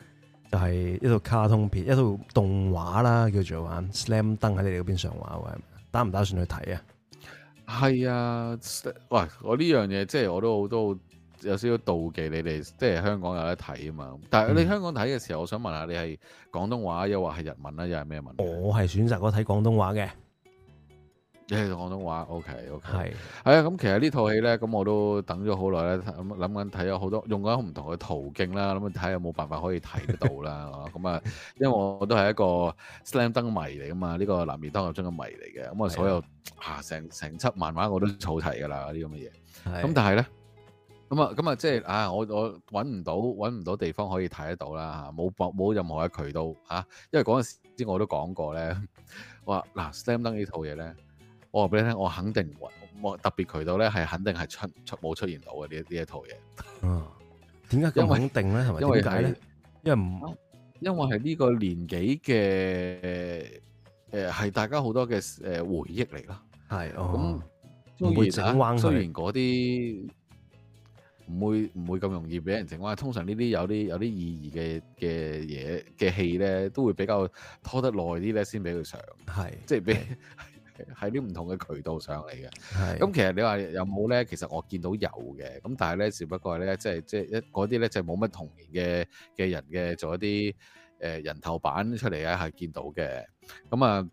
就係一套卡通片，一套動畫啦，叫做 Slam Dunk，喺你哋嗰邊上畫喎，係咪？打唔打算去睇啊？係啊，喂！我呢樣嘢即係我都好多有少少妒忌你哋，即係香港有得睇啊嘛。但係你香港睇嘅時候、嗯，我想問下你係廣東話又或係日文啦，又係咩文？我係選擇我睇廣東話嘅。即係廣東話，OK OK，係，係啊，咁其實呢套戲咧，咁我都等咗好耐咧，諗諗緊睇咗好多，用咗唔同嘅途徑啦，諗下睇有冇辦法可以睇得到啦，咁啊，因為我都係一個 Slam Dunk 迷嚟噶嘛，呢個南面當中嘅迷嚟嘅，咁啊，所有啊，成成輯漫畫我都儲齊噶啦，啲咁嘅嘢，咁但係咧，咁啊，咁啊，即係啊，我我搵唔到，搵唔到地方可以睇得到啦，吓，冇博冇任何嘅渠道，吓，因為嗰陣時之我都講過咧，話嗱 Slam Dunk 呢套嘢咧。我話俾你聽，我肯定唔我特別渠道咧係肯定係出出冇出現到嘅呢呢一套嘢。嗯、哦，點解咁肯定咧？係咪？因為點解咧？因為唔因為係呢個年紀嘅誒係大家好多嘅誒回憶嚟啦。係、哦，咁會整彎。雖然嗰啲唔會唔會咁容易俾人整彎，通常些些呢啲有啲有啲意義嘅嘅嘢嘅戲咧，都會比較拖得耐啲咧，先俾佢上。係，即係俾。喺啲唔同嘅渠道上嚟嘅，咁其實你話有冇咧？其實我見到有嘅，咁但係咧，只不過咧，即係即係一嗰啲咧，就冇、是、乜、就是就是、童年嘅嘅人嘅做一啲誒、呃、人頭版出嚟啊，係見到嘅。咁啊，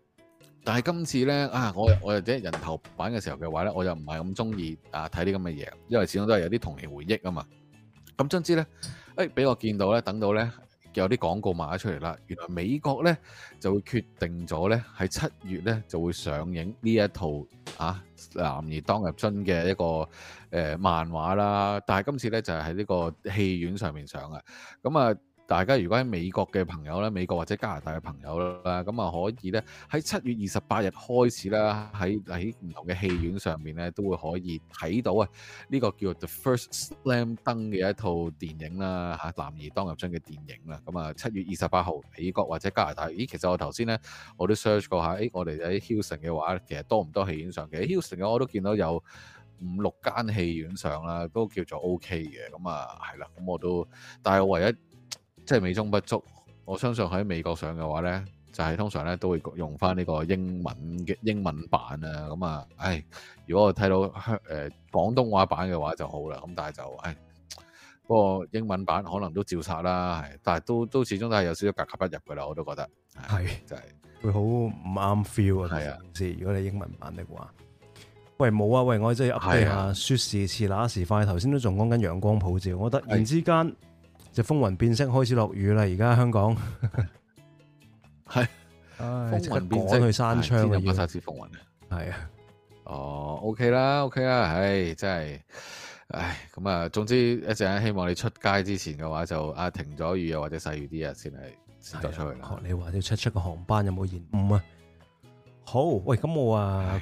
但係今次咧啊，我我又啲人頭版嘅時候嘅話咧，我又唔係咁中意啊睇啲咁嘅嘢，因為始終都係有啲童年回憶啊嘛。咁總之咧，誒、哎、俾我見到咧，等到咧。有啲廣告賣咗出嚟啦，原來美國咧就會決定咗咧喺七月咧就會上映呢一套啊男兒當入樽嘅一個誒、呃、漫畫啦，但係今次咧就係喺呢個戲院上面上嘅，咁啊。大家如果喺美國嘅朋友咧，美國或者加拿大嘅朋友啦，咁啊可以咧喺七月二十八日開始啦，喺喺唔同嘅戲院上面咧都會可以睇到啊呢、這個叫做 The First Slam 登嘅一套電影啦嚇，男兒當入樽嘅電影啦，咁啊七月二十八號美國或者加拿大，咦其實我頭先咧我都 search 過下，誒、哎、我哋喺 Hilton 嘅話，其實多唔多戲院上嘅 Hilton 嘅我都見到有五六間戲院上啦，都叫做 OK 嘅，咁啊係啦，咁我都，但係我唯一。即係美中不足，我相信喺美國上嘅話咧，就係、是、通常咧都會用翻呢個英文嘅英文版啊。咁啊，唉，如果我睇到香誒、呃、廣東話版嘅話就好啦。咁但係就唉，不過英文版可能都照殺啦，係，但係都都始終都係有少少格格不入嘅啦。我都覺得係，就係、是、會好唔啱 feel 啊，啊，是、啊，如果你英文版的話，喂冇啊，喂，我真係噏下，説、啊、時遲那時快，頭先都仲講緊陽光普照，我突然之間。啊就風雲變， 變色，開始落雨啦！而家香港係風雲變色，去山槍嘅雨，霎時風雲啊！係啊，哦，OK 啦，OK 啦，唉，真係，唉，咁啊，總之一陣，希望你出街之前嘅話就啊停咗雨，雨啊，或者細雨啲啊，先係先再出去啦。你話，要出出個航班有冇延誤？好，喂，咁我啊，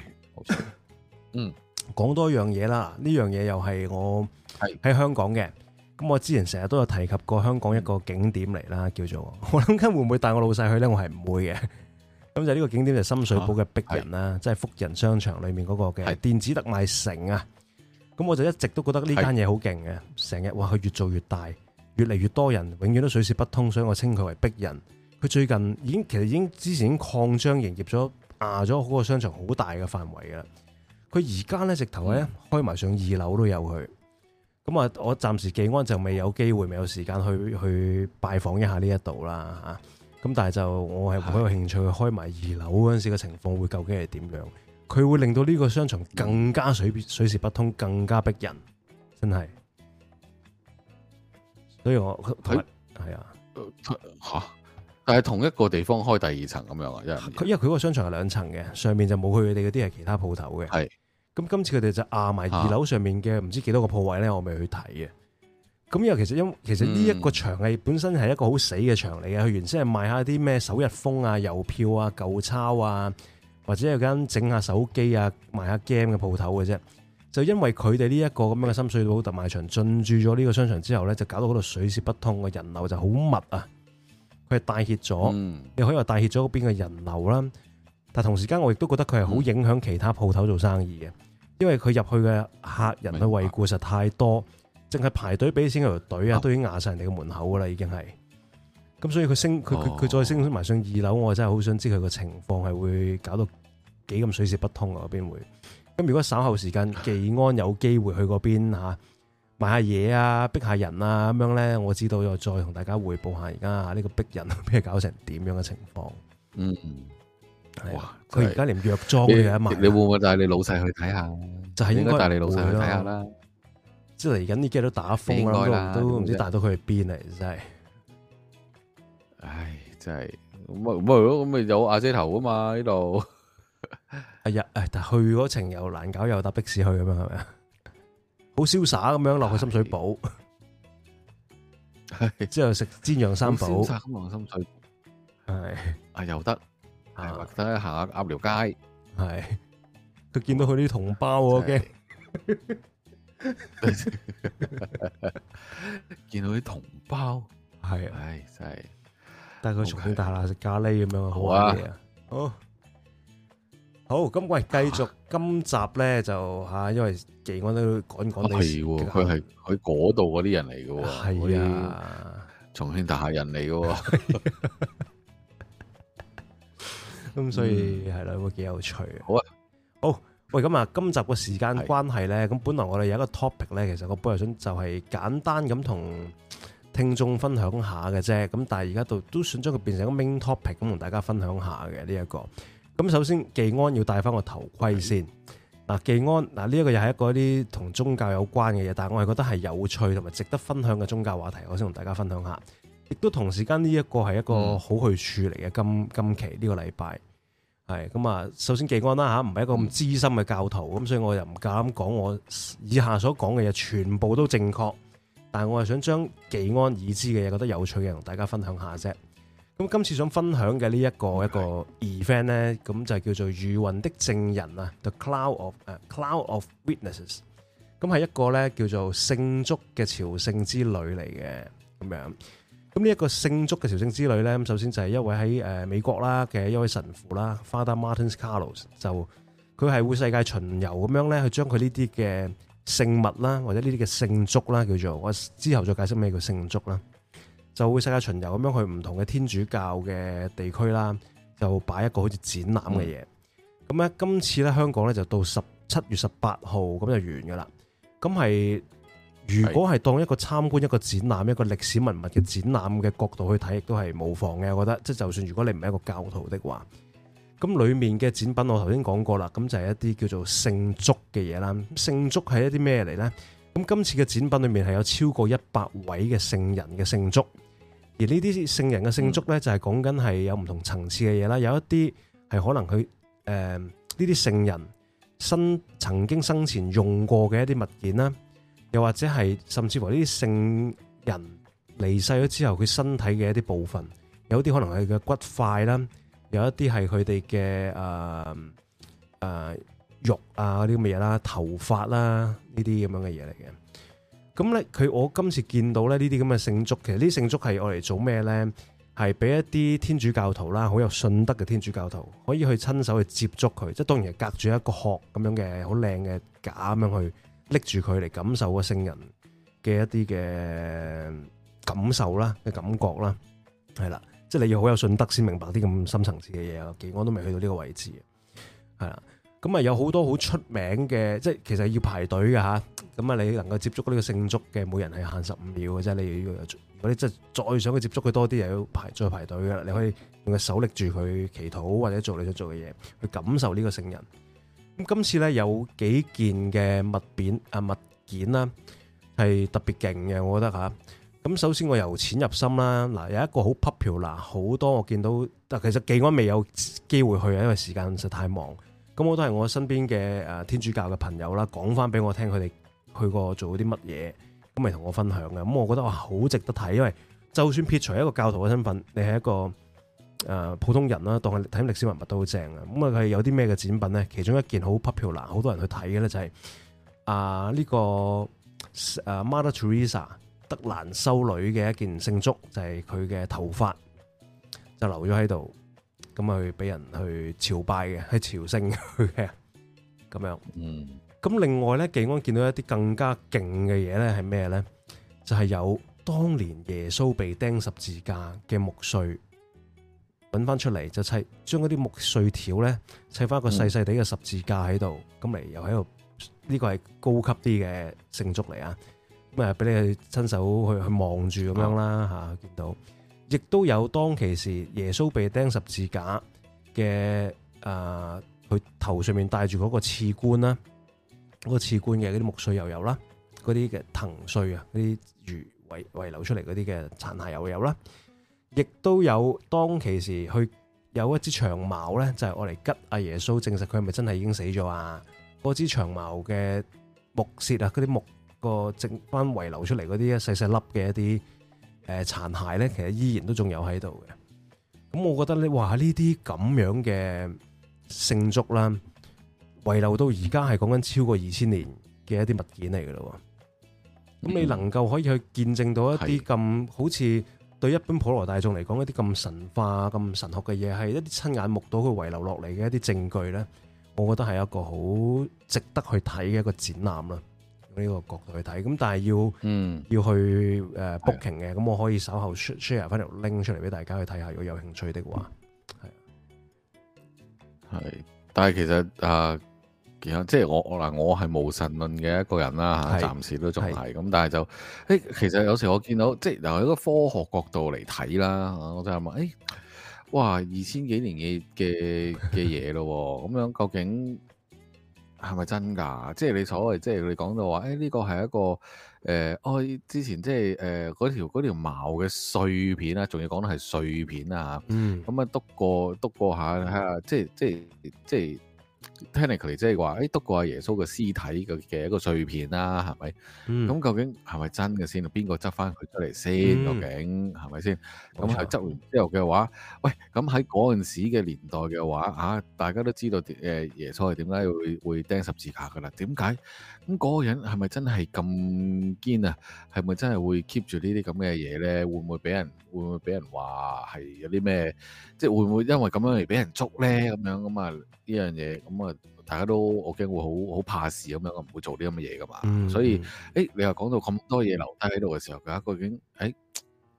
嗯，講多一樣嘢啦，呢樣嘢又係我係喺香港嘅。咁我之前成日都有提及過香港一個景點嚟啦，叫做我諗緊會唔會帶我老細去呢？我係唔會嘅。咁就呢個景點就深水埗嘅逼人啦、啊，即係福人商場裏面嗰個嘅電子特賣城啊。咁我就一直都覺得呢間嘢好勁嘅，成日哇，佢越做越大，越嚟越多人，永遠都水泄不通，所以我稱佢為逼人。佢最近已經其實已經之前已經擴張營業咗，霸咗嗰個商場好大嘅範圍㗎啦。佢而家呢，直頭咧、嗯、開埋上二樓都有佢。咁、嗯、啊，我暫時記安就未有機會，未有時間去去拜訪一下呢一度啦嚇。咁、嗯、但係就我係好有興趣去開埋二樓嗰陣時嘅情況會究竟係點樣？佢會令到呢個商場更加水水泄不通，更加逼人，真係。所以我佢係啊嚇，但係同一個地方開第二層咁樣啊，因為佢因為佢個商場係兩層嘅，上面就冇佢哋嗰啲係其他鋪頭嘅，係。啊。咁今次佢哋就壓埋二樓上面嘅唔知幾多個鋪位咧，我未去睇嘅。咁因為其實因為其實呢一個場係、嗯、本身係一個好死嘅場嚟嘅，佢原先係賣下啲咩首日封啊、郵票啊、舊鈔啊，或者有間整下手機啊、賣下 game 嘅鋪頭嘅啫。就因為佢哋呢一個咁樣嘅深水埗特賣場進駐咗呢個商場之後咧，就搞到嗰度水泄不通嘅人流就好密啊。佢係帶 heat 咗，你可以話帶 heat 咗嗰邊嘅人流啦。但同時間我亦都覺得佢係好影響其他鋪頭做生意嘅。因為佢入去嘅客人嘅維護實太多，淨係排隊俾錢嗰條隊啊，都已經壓晒人哋嘅門口噶啦，已經係。咁所以佢升，佢、哦、佢再升埋上二樓，我真係好想知佢個情況係會搞到幾咁水泄不通啊！嗰邊會。咁如果稍後時間，技安有機會去嗰邊吓，買下嘢啊，逼下人啊，咁樣咧，我知道又再同大家匯報下而家呢個逼人俾佢搞成點樣嘅情況。嗯。哇！佢而家連藥妝嘅嘢嘛，你會唔會帶你老細去睇下？就係、是、應該帶你，你老細去睇下啦。即係嚟家緊呢幾日都打風啦，都唔知帶到佢去邊咧，真係。唉，真係咁咪咁咪有阿姐頭啊嘛呢度。係、哎、啊、 哎，但去嗰程又難搞，又搭的士去咁樣係咪啊？好瀟灑咁樣落去深水埗，哎，之後食煎釀三寶，飲埋深水，係啊、哎，又得。啊！或者行下鴨寮街，係佢見到佢啲同胞，驚 見到啲同胞，係唉、啊哎，真係。帶佢重慶大廈食、okay. 咖喱咁樣好啊，好。好咁，喂，繼、啊、續今集咧就吓，因為技安都趕趕你。係喎，佢係佢嗰度嗰啲人嚟嘅，係啊，啊重慶大廈人嚟嘅。 咁所以係啦，會、嗯、幾有趣，好啊，好喂，咁啊，今集個時間關係咧，咁本來我哋有一個 topic 咧，其實我本來想就係簡單咁同聽眾分享下嘅啫，咁但係而家都都想將佢變成一個 main topic 咁同大家分享下嘅呢一個。咁首先，記安要戴翻個頭盔先。嗱，記安嗱呢、這個、一個又係一個一啲同宗教有關嘅嘢，但係我係覺得係有趣同埋值得分享嘅宗教話題，我先同大家分享下。亦都同時間呢一個係一個好去處嚟嘅、嗯。今今期呢、這個禮拜係咁啊。首先，紀安啦吓，唔係一個咁資深嘅教徒，咁所以我又唔敢講我以下所講嘅嘢全部都正確，但我係想將紀安已知嘅嘢覺得有趣嘅同大家分享下啫。咁今次想分享嘅呢一個、okay. 一個 event 咧，咁就叫做如雲的證人啊，The Cloud of、uh, Cloud of Witnesses。咁係一個咧叫做聖髑嘅朝聖之旅嚟嘅，咁樣。咁呢一個聖髑嘅朝聖之旅咧，咁首先就係一位喺誒美國啦嘅一位神父啦、mm-hmm.，Father Martin Carlos，就佢係會世界巡遊咁樣咧，去將佢呢啲嘅聖物啦，或者呢啲嘅聖髑啦，叫做我之後再解釋咩叫聖髑啦，就會世界巡遊咁樣去唔同嘅天主教嘅地區啦，就擺一個好似展覽嘅嘢。咁咧，今次咧香港咧就到十七月十八號咁就完㗎喇。咁係。如果係當一個參觀一個展覽一個歷史文物嘅展覽嘅角度去睇，亦都係無妨嘅。我覺得，即就算如果你唔係一個教徒的話，咁裏面嘅展品我頭先講過啦，咁就係一啲叫做聖髑嘅嘢啦。聖髑係一啲咩嚟呢？咁今次嘅展品裏面係有超過一百位嘅聖人嘅聖髑，而呢啲聖人嘅聖髑呢，就係講緊係有唔同層次嘅嘢啦。有一啲係可能佢誒呢啲聖人生曾經生前用過嘅一啲物件啦。又或者係甚至乎呢啲聖人離世咗之後，佢身體嘅一啲部分，有啲可能係佢嘅骨塊啦，有一啲係佢哋嘅誒誒肉啊嗰啲咁嘅嘢啦，頭髮啦、啊、呢啲咁樣嘅嘢嚟嘅。咁咧，佢我今次見到咧呢啲咁嘅聖髑，其實聖髑呢啲聖髑係我嚟做咩咧？係俾一啲天主教徒啦，好有信德嘅天主教徒可以去親手去接觸佢，即係當然係隔住一個殼咁樣嘅好靚嘅架咁樣去。拎住佢嚟感受個聖人嘅一啲嘅感受啦、嘅感覺啦，係啦，即係你要好有信德先明白啲咁深層次嘅嘢咯。其實我都未去到呢個位置，係啦，咁啊有好多好出名嘅，即係其實要排隊㗎吓。咁啊，你能夠接觸呢個聖髑嘅，每人係限十五秒嘅啫。你如果你即係再想去接觸佢多啲，又要排再排隊㗎啦。你可以用個手拎住佢祈禱，或者做你想做嘅嘢，去感受呢個聖人。咁今次咧有幾件嘅物件啊物件啦，係特別勁嘅，我覺得嚇。咁首先我由淺入深啦，嗱有一個好 popular，好多我見到，其實幾我未有機會去啊，因為時間實太忙。咁我都係我身邊嘅誒天主教嘅朋友啦，講翻俾我聽佢哋去過做啲乜嘢，咁咪同我分享嘅。咁我覺得哇，好值得睇，因為就算撇除一個教徒嘅身份，你係一個。誒、啊、普通人啦，當係睇歷史文物都好正嘅。咁啊，佢有啲咩嘅展品咧？其中一件好 popular，好多人去睇嘅咧，就係啊呢、這個誒、啊、Mother Teresa 德蘭修女嘅一件聖髑，就係佢嘅頭髮就留咗喺度，咁啊去俾人去朝拜嘅，去朝聖佢嘅咁樣。嗯，咁另外咧，景安見到一啲更加勁嘅嘢咧，係咩咧？就係、是、有當年耶穌被釘十字架嘅木碎。搵翻出嚟就砌，將嗰啲木碎條咧砌翻一個細細地嘅十字架喺度，咁、嗯、嚟又喺度呢個係高級啲嘅聖髑嚟啊，咁啊俾你去親手去去望住咁樣啦吓，見到亦都有當其時耶穌被釘十字架嘅啊，佢、呃、頭上面戴住嗰個刺冠啦，嗰、嗰個刺冠嘅嗰啲木碎又有啦，嗰啲嘅藤碎啊，嗰啲如遺遺留出嚟嗰啲嘅殘骸又有啦。亦都有當其時去有一支長矛咧，就係我嚟吉阿耶穌，證實佢係咪真係已經死咗啊？嗰支長矛嘅木屑啊，嗰啲木個剩翻遺留出嚟嗰啲細細粒嘅一啲誒殘骸咧，其實依然都仲有喺度嘅。咁我覺得你哇！呢啲咁樣嘅聖髑啦，遺留到而家係講緊超過二千年嘅一啲物件嚟噶咯。咁你能夠可以去見證到一啲咁好似，對一般普羅大眾嚟講，一啲咁神化、咁神學嘅嘢，係一啲親眼目睹佢遺留落嚟嘅一啲證據咧，我覺得係一個好值得去睇嘅一個展覽啦。用呢個角度去睇，咁但係要嗯要去誒、呃、booking 嘅，咁我可以稍後 share 翻條 link 出嚟俾大家去睇下，如果有興趣的話，係係。但係其實誒。啊即係我我嗱，我係無神論嘅一個人啦嚇，暫時都仲係咁，但係就、欸、其實有時我見到即係嗱，一個科學角度嚟睇啦，我就問誒、欸，哇二千幾年嘅嘅嘅嘢咯，咁 樣究竟係咪真㗎？即係你所謂即係你講到話誒，呢個係一個、呃哦、之前即係誒嗰條矛嘅碎片啊，仲要講到係碎片啊嚇，咁、嗯、啊篤過篤過一下睇下，即係即係即係。technical 即係話，誒、就是，篤過阿耶穌嘅屍體嘅嘅一個碎片啦，係咪？咁、嗯、究竟係咪真嘅先？邊個執翻佢出嚟先、嗯？究竟係咪先？咁係執完之後嘅話，喂，咁喺嗰陣時嘅年代嘅話，吓、啊、大家都知道，誒，耶穌係點解會會釘十字架噶啦？點解？咁嗰個人係咪真係咁堅啊？係咪真係會 keep 住呢啲咁嘅嘢咧？會唔會俾人，會唔會俾人話係有啲咩？即係會唔會因為咁樣嚟俾人捉咧？咁樣咁啊，呢樣嘢咁啊，大家都我驚會好好怕事咁樣，我唔會做啲咁嘅嘢噶嘛。所以，誒你又講到咁多嘢留低喺度嘅時候，佢究竟誒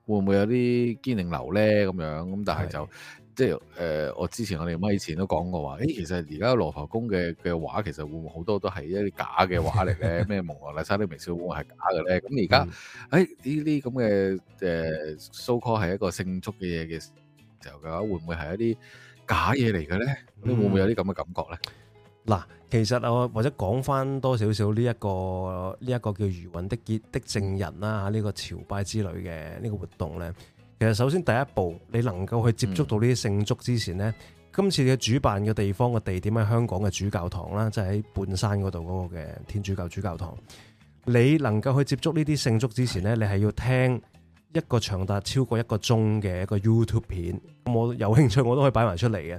會唔會有啲堅定留咧？咁樣咁，但係就。即係誒、呃，我之前我哋咪以前都講過話，誒、欸，其實而家羅浮宮嘅嘅畫，其實會唔會好多都係一啲假嘅畫嚟咧？咩 蒙羅麗莎啲微笑會唔會係假嘅咧？咁而家誒呢啲咁嘅誒 so-called 係一個聖髑嘅嘢嘅時候嘅話，會唔會係一啲假嘢嚟嘅咧？你、嗯、會唔會有啲咁嘅感覺咧？嗱，其實我或者講翻多少少呢一、這個呢一、這個叫如雲的結的證人啦，呢、這個朝拜之類嘅呢個活動咧。其實首先第一步，你能夠去接觸到呢啲聖髑之前呢、嗯、今次嘅主辦嘅地方嘅地點喺香港嘅主教堂啦，即係喺半山嗰度嗰個嘅天主教主教堂。你能夠去接觸呢啲聖髑之前呢，你係要聽一個長達超過一個鐘嘅一個 YouTube 片。我有興趣，我都可以擺埋出嚟嘅，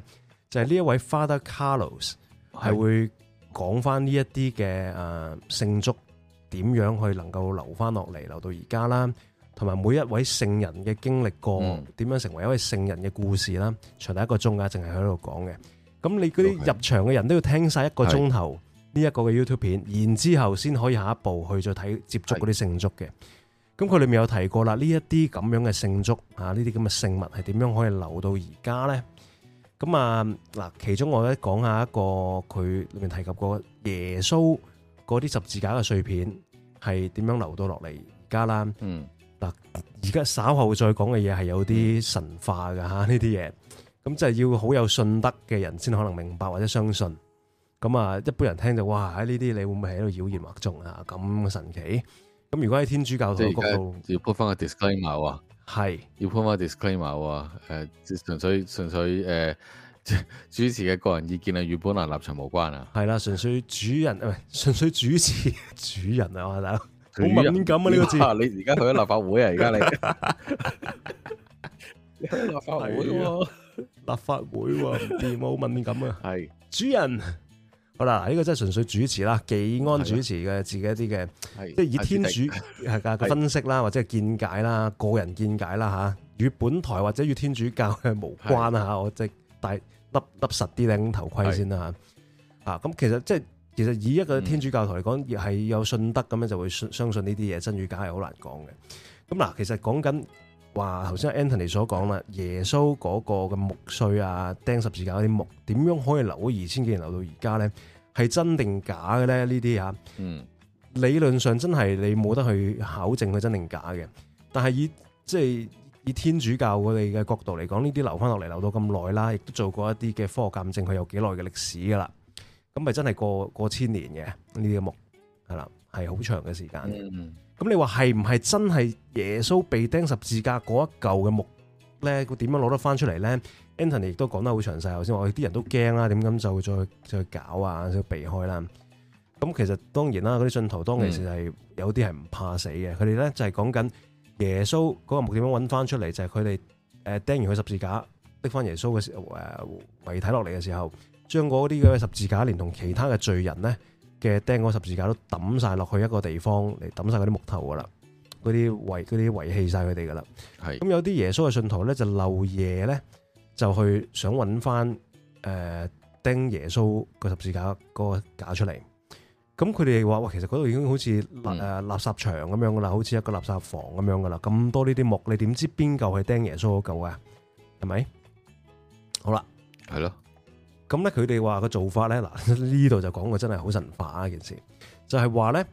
就係、是、呢一位 Father Carlos 係會講翻呢一啲嘅誒聖髑點樣去能夠留翻落嚟，留到而家啦。同埋每一位聖人嘅經歷過點樣成為一位聖人嘅故事啦，長達一個鐘噶，淨係喺度講嘅。咁你嗰啲入場嘅人都要聽晒一個鐘頭呢一個嘅 YouTube 片，然之後先可以下一步去再睇接觸嗰啲聖髑嘅。咁佢裏面有提過啦，呢一啲咁樣嘅聖髑啊，呢啲咁嘅聖物係點樣可以留到而家呢？咁啊嗱，其中我咧講下一個佢裏面提及過耶穌嗰啲十字架嘅碎片係點樣留到落嚟而家啦。嗯。嗱，而家稍後再講嘅嘢係有啲神化嘅吓，呢啲嘢咁即係要好有信德嘅人先可能明白或者相信。咁啊，一般人聽就哇，呢啲你會唔會喺度妖言惑眾啊？咁神奇？咁如果喺天主教徒嘅角度，要鋪返個 disclaimer 喎，係要鋪返個 disclaimer 喎，呃，純粹純粹誒、呃、主持嘅個人意見啊，與本人立場無關啊。係啦，純粹主人，唔係純粹主持主人啊，好敏感啊！呢、這個字，你而家去咗立， 立、啊、立法會啊？而家你，立法會立法會，唔掂，好敏感啊！係主人，好啦，呢、這個真係純粹主持啦，紀安主持嘅自己一啲嘅，即係以天主係啊嘅分析啦，或者係見解啦，個人見解啦吓，與本台或者與天主教嘅無關啊！吓，我即係戴笠笠實啲頂頭盔先啦吓，啊，咁其實即、就、係、是。其實以一個天主教徒嚟講，係有信德咁樣就會相信呢啲嘢，真與假係好難講嘅。咁、嗯、嗱，其實講緊話頭先 Anthony 所講啦，耶穌嗰個嘅木碎啊、釘十字架啲木，點樣可以留二千幾年留到而家咧？係真定假嘅咧？呢啲啊，理論上真係你冇得去考證佢真定假嘅。但係以即係以天主教佢哋嘅角度嚟講，呢啲留翻落嚟留到咁耐啦，亦都做過一啲嘅科學鑑證，佢有幾耐嘅歷史噶啦。咁咪真係過過千年嘅呢啲嘅木係啦，係好長嘅時間。咁你話係唔係真係耶穌被釘十字架嗰一舊嘅木咧？佢點樣攞得翻出嚟咧？Antony 亦都講得好詳細，頭先話啲人都驚啦，點咁就再再搞啊，就避開啦。咁其實當然啦，嗰啲信徒當其時係有啲係唔怕死嘅，佢哋咧就係講緊耶穌嗰個木點樣揾翻出嚟，就係佢哋誒釘完佢十字架，拎翻耶穌嘅時候誒遺體落嚟嘅時候。將嗰啲十字架，連同其他嘅罪人咧嘅釘嗰十字架都抌晒落去一個地方嚟，抌晒嗰啲木頭噶啦，嗰啲遺嗰啲遺棄晒佢哋噶啦。係咁有啲耶穌嘅信徒咧，就漏夜咧就去想揾翻誒釘耶穌個十字架嗰個架出嚟。咁佢哋話，哇，其實嗰度已經好似垃誒、嗯、垃圾場咁樣噶啦，好似一個垃圾房咁樣噶啦。咁多呢啲木，你點知邊嚿係釘耶穌嗰嚿啊？係咪？好啦，係咯。咁咧，佢哋話個做法咧，嗱呢度就講過真係好神化啊！件事就係話咧，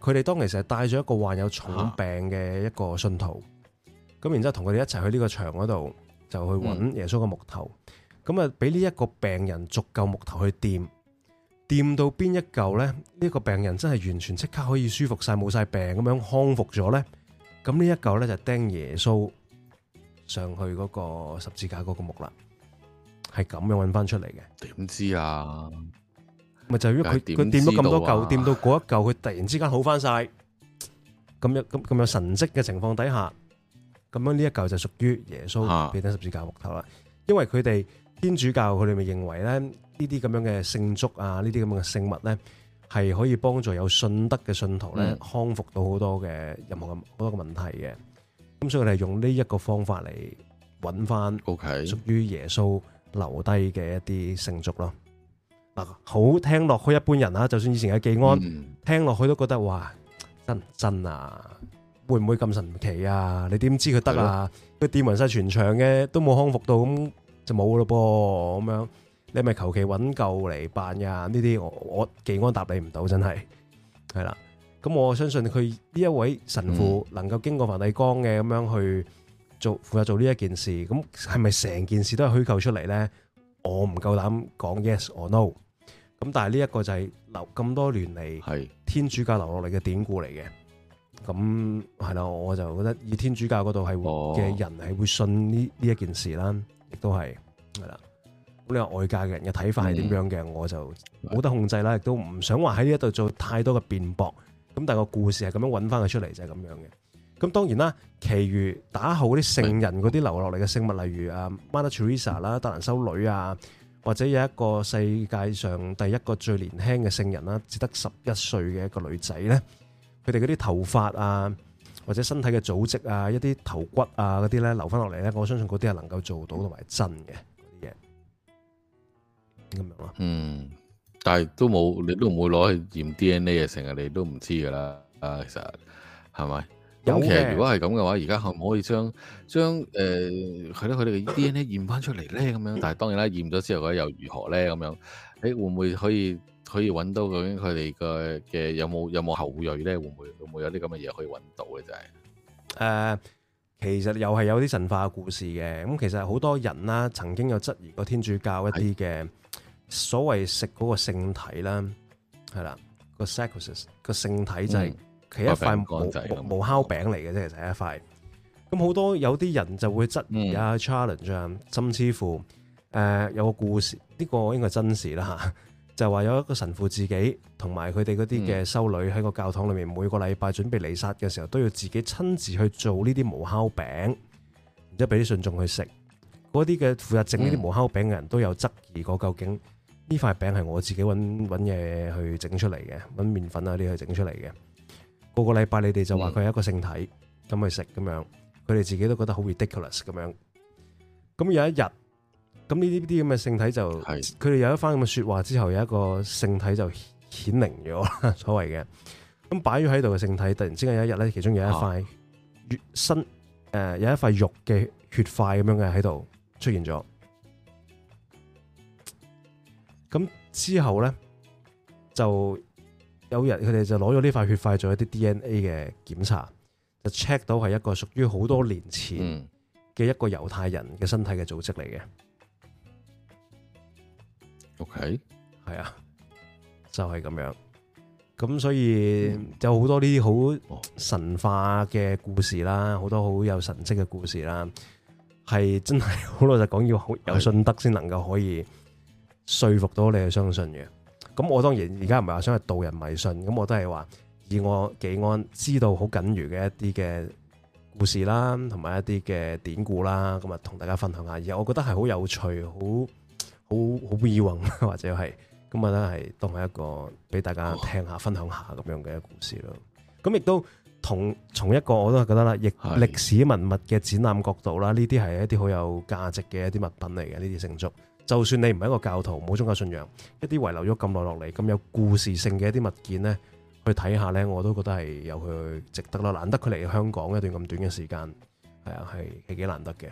佢哋當其時係帶咗一個患有重病嘅一個信徒，咁然之後同佢哋一齊去呢個場嗰度，就去揾耶穌嘅木頭，咁啊俾呢一個病人逐嚿木頭去掂掂。到邊一嚿咧，呢、這個病人真係完全即刻可以舒服晒冇晒病咁樣康復咗咧，咁呢一嚿咧就釘、是、耶穌上去嗰個十字架嗰個木啦。係咁樣揾翻出嚟嘅，點知啊？咪就係、是、因為佢掂咗咁多舊，掂到嗰一舊，佢 突然之間好翻晒，咁樣咁咁有神迹嘅情況底下，咁樣呢一舊就屬於耶穌俾啲十字架木頭啦、啊。因為佢哋天主教佢哋咪認為咧，呢啲咁樣嘅聖髑啊，這這樣呢啲咁嘅聖物咧，係可以幫助有信德嘅信徒咧康復到好多嘅任何好多問題嘅。咁所以佢哋用呢一個方法嚟揾翻，OK，屬於耶穌。留低嘅一啲聖髑咯，嗱，好聽落去一般人啦，就算以前嘅記安、嗯、聽落去都覺得哇真唔真啊，會唔會咁神奇啊？你點知佢得啊？佢掂勻晒全場嘅都冇康復到，咁就冇咯噃咁樣，你咪求其揾嚿嚟扮呀？呢啲我我記安答你唔到，真係係啦。咁我相信佢呢一位神父、嗯、能夠經過梵蒂岡嘅咁樣去。做負責做呢一件事，咁係咪成件事都係虛構出嚟咧？我唔夠膽講 yes or no。咁但係呢一個就係留咁多年嚟，係天主教留落嚟嘅典故嚟嘅。咁係啦，我就覺得以天主教嗰度係嘅人係會信呢呢一件事啦，亦都係係啦。咁你話外界嘅人嘅睇法係點樣嘅、嗯？我就冇得控制啦，亦都唔想話喺呢一度做太多嘅辯駁。咁但係個故事係咁樣揾翻佢出嚟，就係、是、咁樣嘅。咁當然啦，其餘打好啲聖人嗰啲留落嚟嘅聖物，例如誒 Mother Teresa 啦、德蘭修女啊，或者有一個世界上第一個最年輕嘅聖人啦，只得十一歲嘅一個女仔咧，佢哋嗰啲頭髮啊，或者身體嘅組織啊、一啲頭骨啊嗰啲咧，留翻落嚟咧，我相信嗰啲係能夠做到同埋、mm-hmm. 真嘅嗰啲嘢，咁樣咯。嗯，但係都冇，你都唔會攞去驗 DNA 嘅，成日你都唔知噶啦，啊，其實係咪？咁其實如果係咁嘅話，而家可唔可以將將誒係咯佢哋嘅 DNA 驗翻出嚟咧？咁樣，但係當然啦，驗咗之後咧又如何咧？咁樣，誒會唔會可以可以揾到究竟佢哋個嘅有冇有冇後裔咧？會唔會會唔會有啲咁嘅嘢可以揾到咧？就係誒，其實又係有啲神話故事嘅。咁其實好多人啦，曾經有質疑過天主教一啲嘅所謂食嗰個聖體啦，係啦，個 sacros 個聖體就係。其一塊無無烤餅嚟嘅啫，就、okay, 係一塊咁，好多有啲人就會質疑啊。Challenge、嗯、甚至乎誒、呃，有個故事呢、這個應該係真事啦吓， 就話有一個神父自己同埋佢哋嗰啲嘅修女喺個教堂裏面，每個禮拜準備彌撒嘅時候，都要自己親自去做呢啲無烤餅，然之後俾啲信眾去食。嗰啲嘅負責整呢啲無烤餅嘅人都有質疑過，究竟呢塊餅係我自己搵嘢去整出嚟嘅，搵麵粉啊啲去整出嚟嘅。個個禮拜你哋就話佢係一個聖體咁去食咁樣，佢哋、嗯、自己都覺得好 ridiculous 咁樣。咁有一日，咁呢啲啲咁嘅聖體就，佢哋有一番咁嘅說話之後，有一個聖體就顯靈咗， 所謂嘅。咁擺咗喺度嘅聖體，突然之間有一日咧，其中有一塊血身誒有一塊肉嘅血塊咁樣嘅喺度出現咗。咁之後咧就。有日佢哋就攞咗呢塊血塊做一啲 DNA 嘅檢查，就 check 到係一個屬於好多年前嘅一個猶太人嘅身體嘅組織嚟嘅，嗯。OK，係啊，就係、是、咁樣。咁所以有好多呢啲好神化嘅故事啦，好多好有神跡嘅故事啦，係真係好老實講要好有信德先能夠可以說服到你去相信嘅。咁我當然而家唔係話想去導人迷信，咁我都係話以我幾安知道好僅餘嘅一啲嘅故事啦，同埋一啲嘅典故啦，咁啊同大家分享一下，而我覺得係好有趣，好好好意韻或者係咁啊，真係當係一個俾大家聽下、哦、分享下咁樣嘅故事咯。咁亦都同從一個我都係覺得啦，亦歷史文物嘅展覽角度啦，呢啲係一啲好有價值嘅一啲物品嚟嘅呢啲聖髑。就算你唔係一個教徒，唔好宗教信仰，一啲遺留咗咁耐落嚟，咁有故事性嘅一啲物件咧，去睇下咧，我都覺得係有佢值得啦，難得佢嚟香港一段咁短嘅時間，係啊，係係幾難得嘅。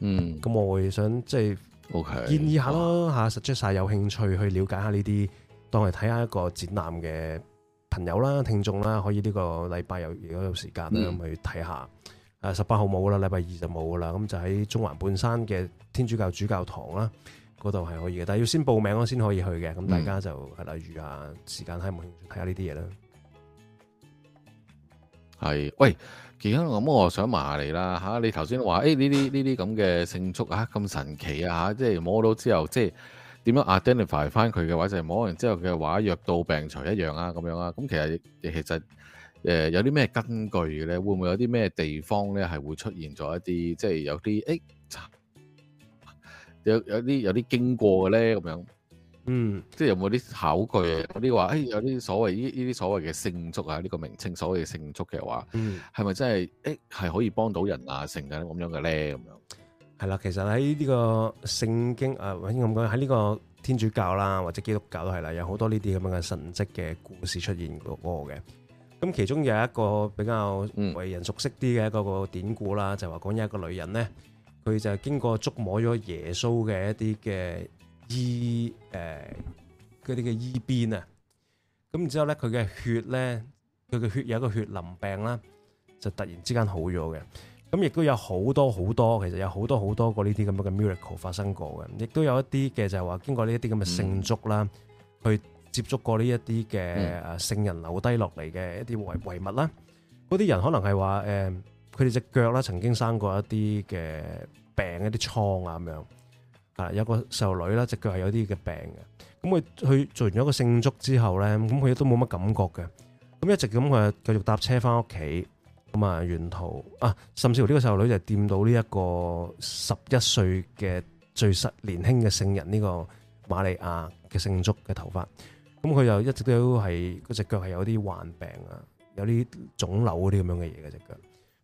嗯，咁我會想即係、就是、，OK，建議一下咯吓 suggest 晒有興趣去了解一下呢啲，當係睇下一個展覽嘅朋友啦、聽眾啦，可以呢個禮拜有如果有時間咧、嗯，去睇下。啊！十八號冇啦，禮拜二就冇啦，咁就喺中環半山嘅天主教主教堂啦，嗰度係可以嘅，但係要先報名咯，先可以去嘅。咁大家就係例如啊，時間睇有冇興趣睇下呢啲嘢啦。係，喂，其他我我想問下你啦嚇，你頭先話誒呢啲呢啲咁嘅聖髑啊咁神奇啊嚇，即係摸到之後即係點樣 identify 返佢嘅話，就係、是、摸完之後嘅話，藥到病除一樣啊咁樣啊，咁其實其實，其實誒，有啲咩根據咧？會唔會有啲咩地方咧，係會出現咗一啲，即係有啲，哎，有有啲有啲經過嘅咧，咁樣，嗯，即係有冇啲考據，有啲話，哎，有啲所謂呢呢啲所謂嘅聖髑啊，呢個名稱所謂嘅聖髑嘅話，嗯，係咪真係，哎，係可以幫到人啊，成嘅咁樣嘅咧，咁樣係啦。其實喺呢個聖經啊，咁講喺呢個天主教啦，或者基督教都係啦，有好多呢啲咁樣嘅神跡嘅故事出現過嘅。咁其中有一個比較為人熟悉啲嘅一個典故啦，就話講有一個女人咧，佢就經過觸摸咗耶穌嘅一啲嘅衣誒嗰啲嘅衣邊啊，咁然之後咧，佢嘅血咧，佢嘅血有一個血淋病啦，就突然之間好咗嘅。咁亦都有好多好多，其實有好多好多個呢啲咁嘅 miracle 發生過嘅，亦都有一啲嘅就係話經過呢一啲咁嘅聖髑啦去。嗯接觸過呢一啲嘅誒聖人留低落嚟嘅一啲遺遺物啦，嗰啲人可能係話誒，佢哋隻腳啦曾經生過一啲嘅病、一啲瘡啊咁樣，啊有個細路女啦隻腳，係有啲嘅病嘅，咁佢佢做完咗個聖髑之後咧，咁佢都冇乜感覺嘅，咁一直咁佢繼續搭車翻屋企，咁啊沿途啊，甚至乎呢個細路女就掂到呢一個十一歲嘅最年輕嘅聖人呢個瑪利亞嘅聖髑嘅頭髮。咁佢又一直都係嗰隻腳係有啲患病啊，有啲腫瘤嗰啲咁樣嘅嘢嘅隻腳。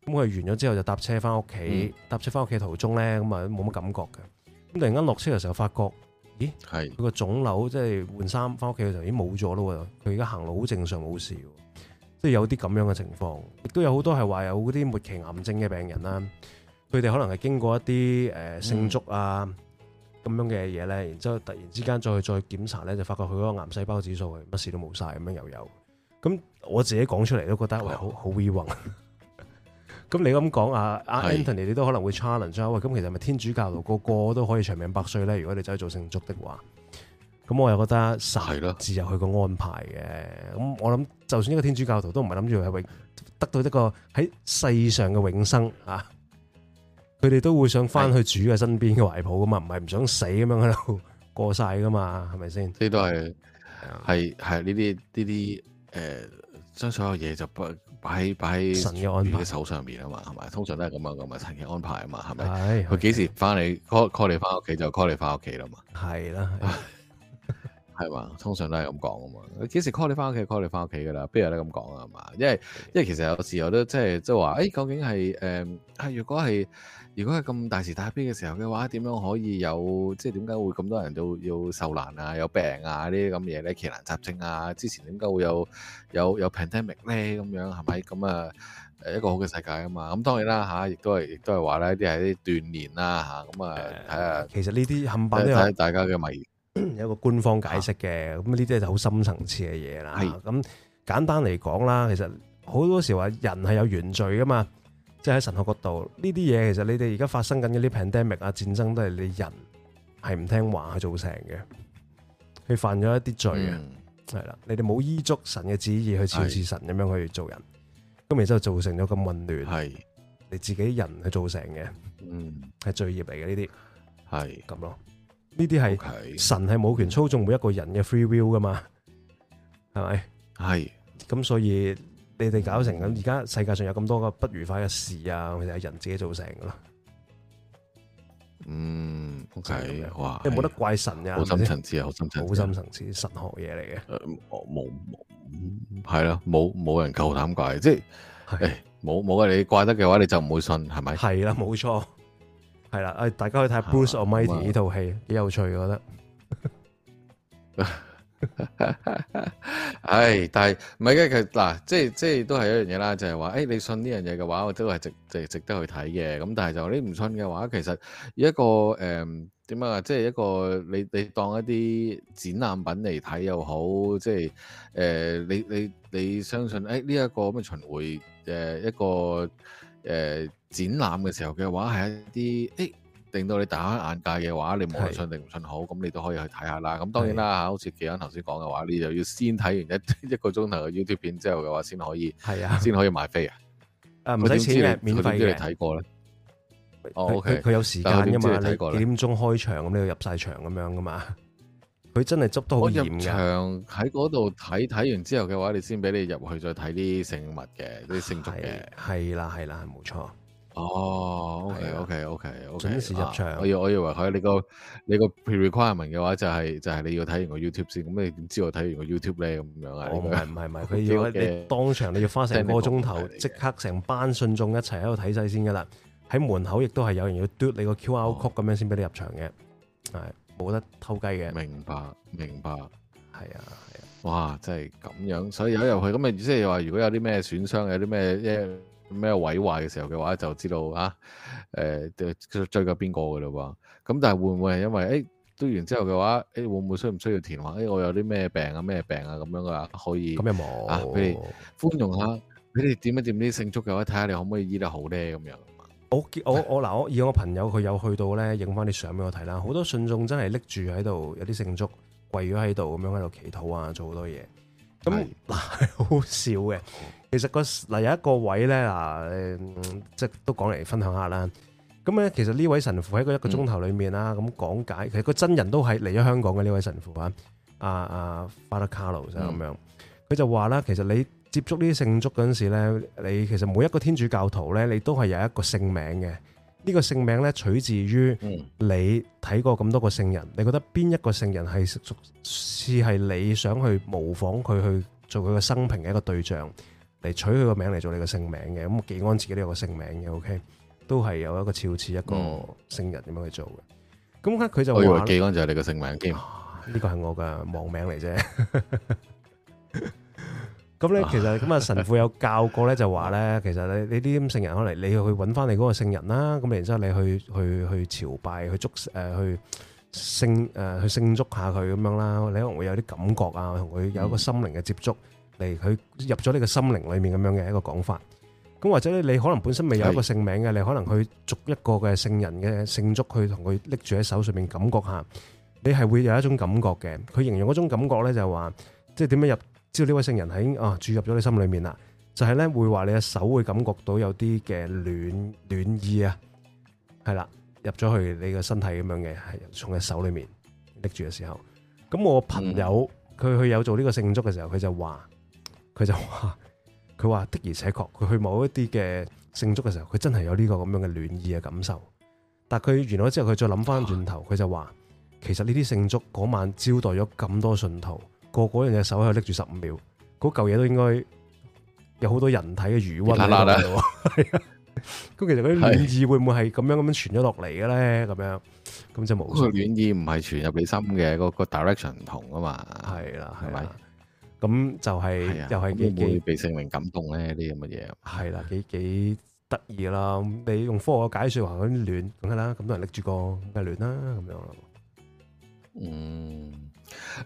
咁佢完咗之後就搭車翻屋企，搭、嗯、車翻屋企途中咧，咁啊冇乜感覺嘅。咁突然間落車嘅時候發覺，咦？係佢個腫瘤即係換衫翻屋企嘅時候已經冇咗咯。佢而家行路好正常，冇事。即係有啲咁樣嘅情況，亦都有好多係話有嗰啲末期癌症嘅病人啦，佢哋可能係經過一啲誒、呃、聖髑啊。嗯咁樣嘅嘢咧，然之後突然之間再去再檢查咧，就發覺佢嗰個癌細胞指數乜事都冇晒。咁樣又有，咁我自己講出嚟都覺得喂好好 weird 咁，你咁講啊阿 Anthony，你都可能會 challenge 喂，咁其實咪天主教徒個個都可以長命百歲咧？如果你走去做聖職的話，咁我又覺得晒係咯，自有佢個安排嘅。咁我諗，就算一個天主教徒，都唔係諗住係得到一個喺世上嘅永生啊。佢哋都會想翻去主嘅身邊嘅懷抱噶嘛，唔係唔想死咁樣喺度過晒噶嘛，係咪先？呢啲都係係係呢啲呢啲誒，將、呃、所有嘢就擺擺喺神嘅安排嘅手上面啊嘛，係咪？通常都係咁樣啊，咁啊，神嘅安排啊嘛，係咪？佢幾時翻嚟 call call 你翻屋企就 call 你翻屋企啦嘛，係啦，係嘛？ 通常都係咁講啊嘛，幾時 call 你翻屋企 call 你翻屋企噶啦，邊有得咁講啊嘛？因為因為其實有時候都，即係即係話，誒究竟係誒，如果係。如果係咁大時大非嘅時候嘅話，點樣可以有即係點解會咁多人都要，要受難啊、有病啊呢啲咁嘢咧？奇難雜症啊，之前點解會有有有 pandemic 咧？咁樣係咪咁啊？誒一個好嘅世界啊嘛！咁當然啦嚇，亦都係亦都係話咧，啲係啲鍛鍊啦。嚇、啊，咁啊睇下。其實呢啲冚唪唥大家嘅迷，有一個官方解釋嘅，咁呢啲係好深層次嘅嘢啦。係咁簡單嚟講啦，其實好多時話人係有原罪噶嘛。即係喺神學角度，呢啲嘢其實你哋而家發生緊嗰啲 pandemic 啊、戰爭都係你人係唔聽話去造成嘅，佢犯咗一啲罪啊，係、嗯、啦，你哋冇依足神嘅旨意去效似神咁樣去做人，咁然之後造成咗咁混亂，係你自己的人去造成嘅，嗯，係罪業嚟嘅呢啲，係咁咯，呢啲係神係冇權操縱每一個人嘅 free will 噶嘛，係咪？係，咁所以。你哋搞成咁，而家世界上有咁多個不愉快嘅事啊，其實係人自己造成噶咯。嗯，OK，哇，你冇得怪神噶，好深層次啊，好深層次，深層次神學嘢嚟嘅。誒，我冇冇，係咯，冇冇人夠膽怪，即係誒，冇冇啊！你怪得嘅話，你就唔會信，係咪？係啦，冇錯，係啦，誒，大家可以睇下 Bruce Almighty 呢套戲，幾有趣，我覺得。唉、 哎，但係唔係嘅，佢嗱，即係即係都係一樣嘢啦，就係、是、話，誒、哎，你信呢樣嘢嘅話，我都係值值值得去睇嘅。咁但係就你唔信嘅話，其實一個誒點樣啊，即係一個你你當一啲展覽品嚟睇又好，即係誒、呃、你你你相信誒呢、哎這個呃、一個咩巡迴誒一個誒展覽嘅時候嘅話，係一啲誒。哎令到你打開眼界嘅話，你無論信定唔信好，咁你都可以去睇下啦。咁當然啦，吓，好似傑恩頭先講嘅話，你就要先睇完一一個鐘頭嘅 YouTube 片之後嘅話，先可以係啊，先可以買飛啊。誒，唔使錢免費嘅。睇過咧。哦，OK，佢有時間噶嘛？過幾點鐘開場，咁你要入晒場咁樣噶嘛？佢真係執到好嚴嘅。入場喺嗰度睇睇完之後嘅話，你先俾你入去再睇啲聖物嘅，啲聖髑嘅。係啦，係啦，冇錯。哦，OK，OK，OK，OK，啊！我、okay, 要、okay, okay, okay，準時入場。我以為佢你個你個 pre-requirement e 嘅話就係、是、就係、是、你要睇完個 YouTube 先，咁你點知我睇完個 YouTube 咧咁樣？我唔係唔係唔係，佢、這、要、個這個、你當場你要花成個鐘頭，即、就是、刻成班信眾一齊喺度睇晒先噶啦。喺門口亦都係有人要篤你個 QR、哦、code 咁樣先俾你入場嘅，係冇得偷雞嘅。明白，明白，係啊，係啊！哇，真係咁樣，所以有入去咁啊，即係話如果有啲咩損傷，有啲咩咩毀壞嘅時候嘅話，就知道啊，誒、呃，就追究邊個嘅嘞喎？咁但係會唔會係因為誒，堆、欸、完之後嘅話，誒、欸、會唔會需唔需要填話？誒、欸、我有啲咩病啊，咩病啊咁樣嘅話，可以咁又冇，譬、啊、如寬容下，俾你點一點啲聖髑嘅話，睇下你可唔可以醫得好咧？咁樣，我我我嗱，我，我，我，我以我朋友佢有去到咧，影翻啲相俾我睇啦。好多信眾真係拎住喺度，有啲聖髑跪咗喺度，咁樣喺度祈禱啊，做好多嘢。咁嗱，係 好笑嘅。其實個嗱有一個位咧，嗱、嗯，即係都講嚟分享下啦。咁咧，其實呢位神父喺一個鐘頭裏面啦，咁講、嗯、解其實個真人都係嚟咗香港嘅呢位神父啊，啊，阿巴特卡路，就係咁樣。佢、嗯、就話啦，其實你接觸呢啲聖髑嗰陣時咧，你其實每一個天主教徒咧，你都係有一個聖名嘅。呢、呢個聖名咧，取自於你睇過咁多個聖人，你覺得邊一個聖人係屬似係你想去模仿佢去做佢個生平嘅一個對象？嚟取佢個名嚟做你個姓名嘅，咁記安自己都有個姓名嘅，OK，都係有一個朝似一個聖人咁樣去做嘅。咁佢就話，記安就係你個姓名，呢個係我嘅網名嚟啫。咁咧，其實咁啊，神父有教過咧，就話咧，其實你你啲咁聖人可能你要去揾翻你嗰個聖人啦，咁然之後你去去去朝拜，去祝誒，去聖誒，去聖祝下佢咁樣啦，你可能會有啲感覺啊，同佢有一個心靈嘅接觸。嚟，佢入咗你個心靈裏面咁樣嘅一個講法，咁或者咧你可能本身未有一個聖名嘅，你可能去捉一個嘅聖人嘅聖髑去同佢拎住喺手上面，感覺下，你係會有一種感覺嘅。佢形容嗰種感覺咧就係話，即係點樣入知道呢位聖人喺啊注入咗你心裏面啦，就係咧會話你嘅手會感覺到有啲嘅暖暖意啊，係啦，入咗去你個身體咁樣嘅，從嘅手裏面拎住嘅時候，咁我朋友佢去有做呢個聖髑嘅時候，佢就話。佢就話：佢話的而且確，佢去某一啲嘅聖髑嘅時候，佢真係有呢個咁樣嘅暖意嘅感受。但佢完咗之後，佢再諗翻轉頭，佢就話：其實呢啲聖髑嗰晚招待咗咁多信徒，個個人隻手喺度拎住十五秒，嗰嚿嘢都應該有好多人體嘅餘温。啦啦咁其實嗰啲暖意會唔會係咁樣咁樣傳咗落嚟嘅咧？咁樣咁就冇。個暖意唔係傳入你心嘅，個個 direction 唔同啊嘛。係啦，係咪？咁就係、是啊、又係幾幾被聖靈感動咧啲咁嘅嘢，係啦、啊，幾幾得意啦！你用科學解説話嗰亂，梗係啦，咁多人拎住個梗係亂啦、啊，咁樣咯。嗯，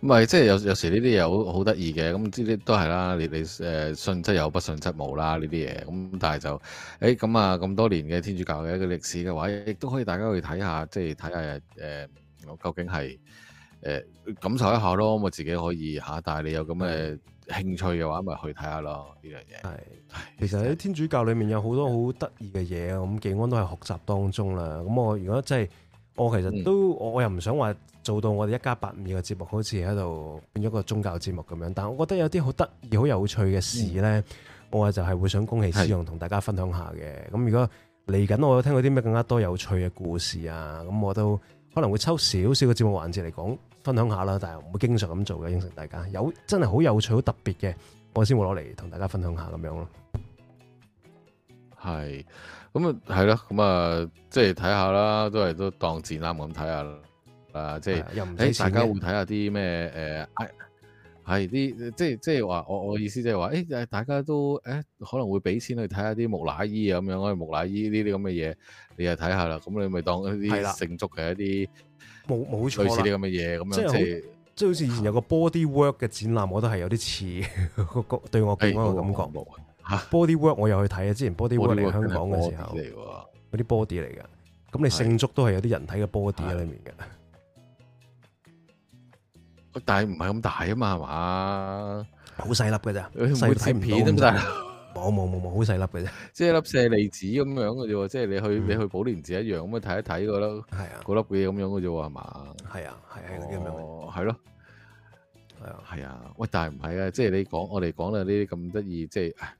唔係即係有有時呢啲又好好得意嘅，咁呢啲都係啦。你你誒信則有，不信則無啦，呢啲嘢。咁但係就誒咁、欸、啊，咁多年嘅天主教嘅一個歷史嘅話，亦都可以大家去睇下，即係睇下誒我、呃、究竟係。誒，感受一下咯，我自己可以吓。但係你有咁嘅興趣嘅話，咪去睇下咯呢樣嘢。係，其實喺天主教裏面有好多好得意嘅嘢啊，咁敬安都係學習當中啦。咁我如果真係，我其實都，我又唔想話做到我哋一家852嘅節目好，好似喺度變咗個宗教節目咁樣。但係我覺得有啲好得意、好有趣嘅事咧，嗯、我就係會想公器私用，同大家分享下嘅。咁如果嚟緊我聽到啲咩更加多有趣嘅故事啊，咁我都可能會抽少少嘅節目環節嚟講。分享下啦，但係唔會經常咁做嘅，應承大家有真係好有趣、好特別嘅，我先會攞嚟同大家分享下咁樣咯。係，咁啊，係咯，咁啊，即係睇下啦，都係都當展覽咁睇下啦。啊，即係，誒、欸，大家會睇下啲咩？誒、呃，係啲，即係即係話，我我意思即係話，誒、欸，大家都誒、欸，可能會俾錢去睇下啲木乃伊啊咁樣，我木乃伊呢啲咁嘅嘢，你又睇下啦。咁你咪當一啲聖髑嘅一啲。冇冇錯啦，即係好，即係好似以前有個 body work 嘅展覽，我都係有啲似個對我感官感覺。吓、哎、body work 我又去睇啊，之前 body work 嚟香港嘅時候，嗰啲 body 嚟噶，咁你聖髑都係有啲人體嘅 body 喺裏面嘅。但係唔係咁大啊嘛，係嘛？好細粒噶咋，睇唔到咁細。我冇冇冇好細粒嘅啫，即係粒舍利子咁樣嘅啫，即係你去、嗯、你去寶蓮寺一樣咁樣睇一睇嘅咯，係啊，嗰粒嘢咁樣嘅啫喎，係嘛，係啊，係啊，嗰啲咁樣，係咯，係啊，係啊，啊，喂，但係唔係啊，即係你講我哋講啦呢啲咁得意，即係。唉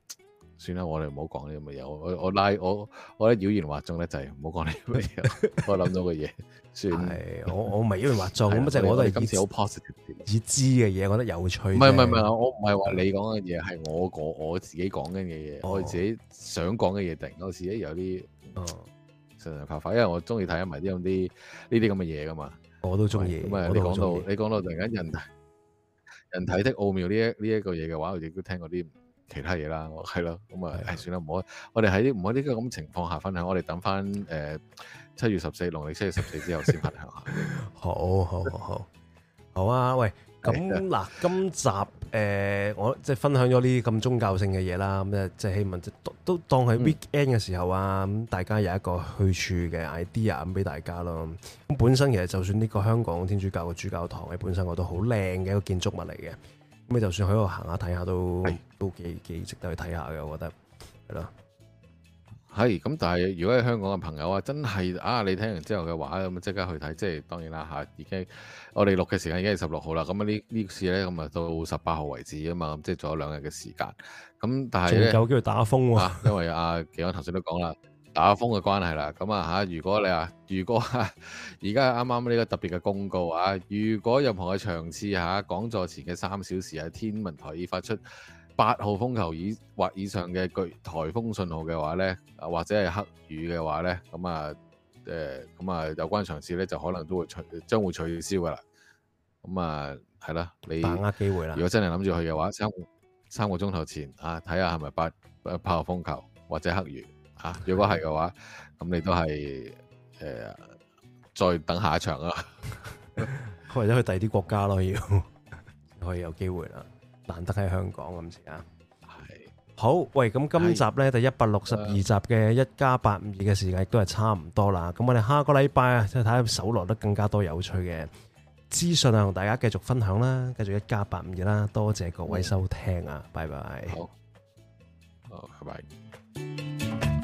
算啦，我哋唔好講呢咁嘅嘢。我我拉我我，我覺得妖言惑眾咧，就係唔好講呢咁嘅嘢。我諗到嘅嘢，算。係我我咪因為惑眾咁，就我都係今次好 positive。已知嘅嘢，我覺得有趣。唔唔唔，我唔係話你講嘅嘢，係我個我自己講緊嘅嘢，我自己想講嘅嘢。突然我似咧有啲神神化化，因為我中意睇埋啲咁啲呢啲咁嘅嘢噶嘛。我都中意。咁啊，你講到你講到，突然間人人體的奧妙呢一呢一個嘢嘅話，我亦都聽過啲。其他嘢啦，我係咯，咁啊，算啦，唔好，我哋喺唔好呢個咁情況下分享，我哋等翻誒七月十四，農曆七月十四之後先分享下。 好好好好好啊！喂，咁嗱，今集誒、呃，我即係分享咗呢啲咁宗教性嘅嘢啦，咁即係希望即都，都當係 weekend 嘅時候啊，咁、嗯、大家有一個去處嘅 idea 咁俾大家咯。咁本身其實就算呢個香港天主教嘅主教堂，你本身我都好靚嘅一個建築物嚟嘅，咁你就算喺度行下睇下都。都幾幾值得去睇下嘅，我覺得係咯，係咁。但係如果喺香港嘅朋友啊，真係啊，你聽完之後嘅話咁，即刻去睇。即係當然啦，吓、啊，已經我哋錄嘅時間已經係十六號啦。咁啊呢呢次咧，咁啊到十八號為止啊嘛，即係仲有兩日嘅時間。咁但係咧，有機會打風啊，啊因為阿奇安頭先都講啦，打風嘅關係啦。咁啊吓，如果你啊，如果而家啱啱呢個特別嘅公告啊，如果任何嘅場次吓、啊，講座前嘅三小時喺天文台已發出。八號風球以或以上嘅巨颱風信號嘅話咧，或者係黑雨嘅話咧，咁啊，誒、呃、咁、呃、啊，有關場次咧，就可能都會取，將會取消噶啦。咁啊，係啦，你把握機會啦。如果真係諗住去嘅話，三三個鐘頭前啊，睇下係咪八誒八號風球或者黑雨啊？如果係嘅話，咁你都係誒、呃、再等下一場啊，或 者 去第二啲國家咯，要 可以有機會啦。難得喺香港咁時啊，係好喂，咁今集呢，第一百六十二集嘅一加八五二嘅時間亦都係差唔多啦，咁我哋下個禮拜啊，再睇下搜羅得更加多有趣嘅資訊啊，同大家繼續分享啦，繼續一加八五二啦，多謝各位收聽啊，嗯、拜拜。好，拜拜。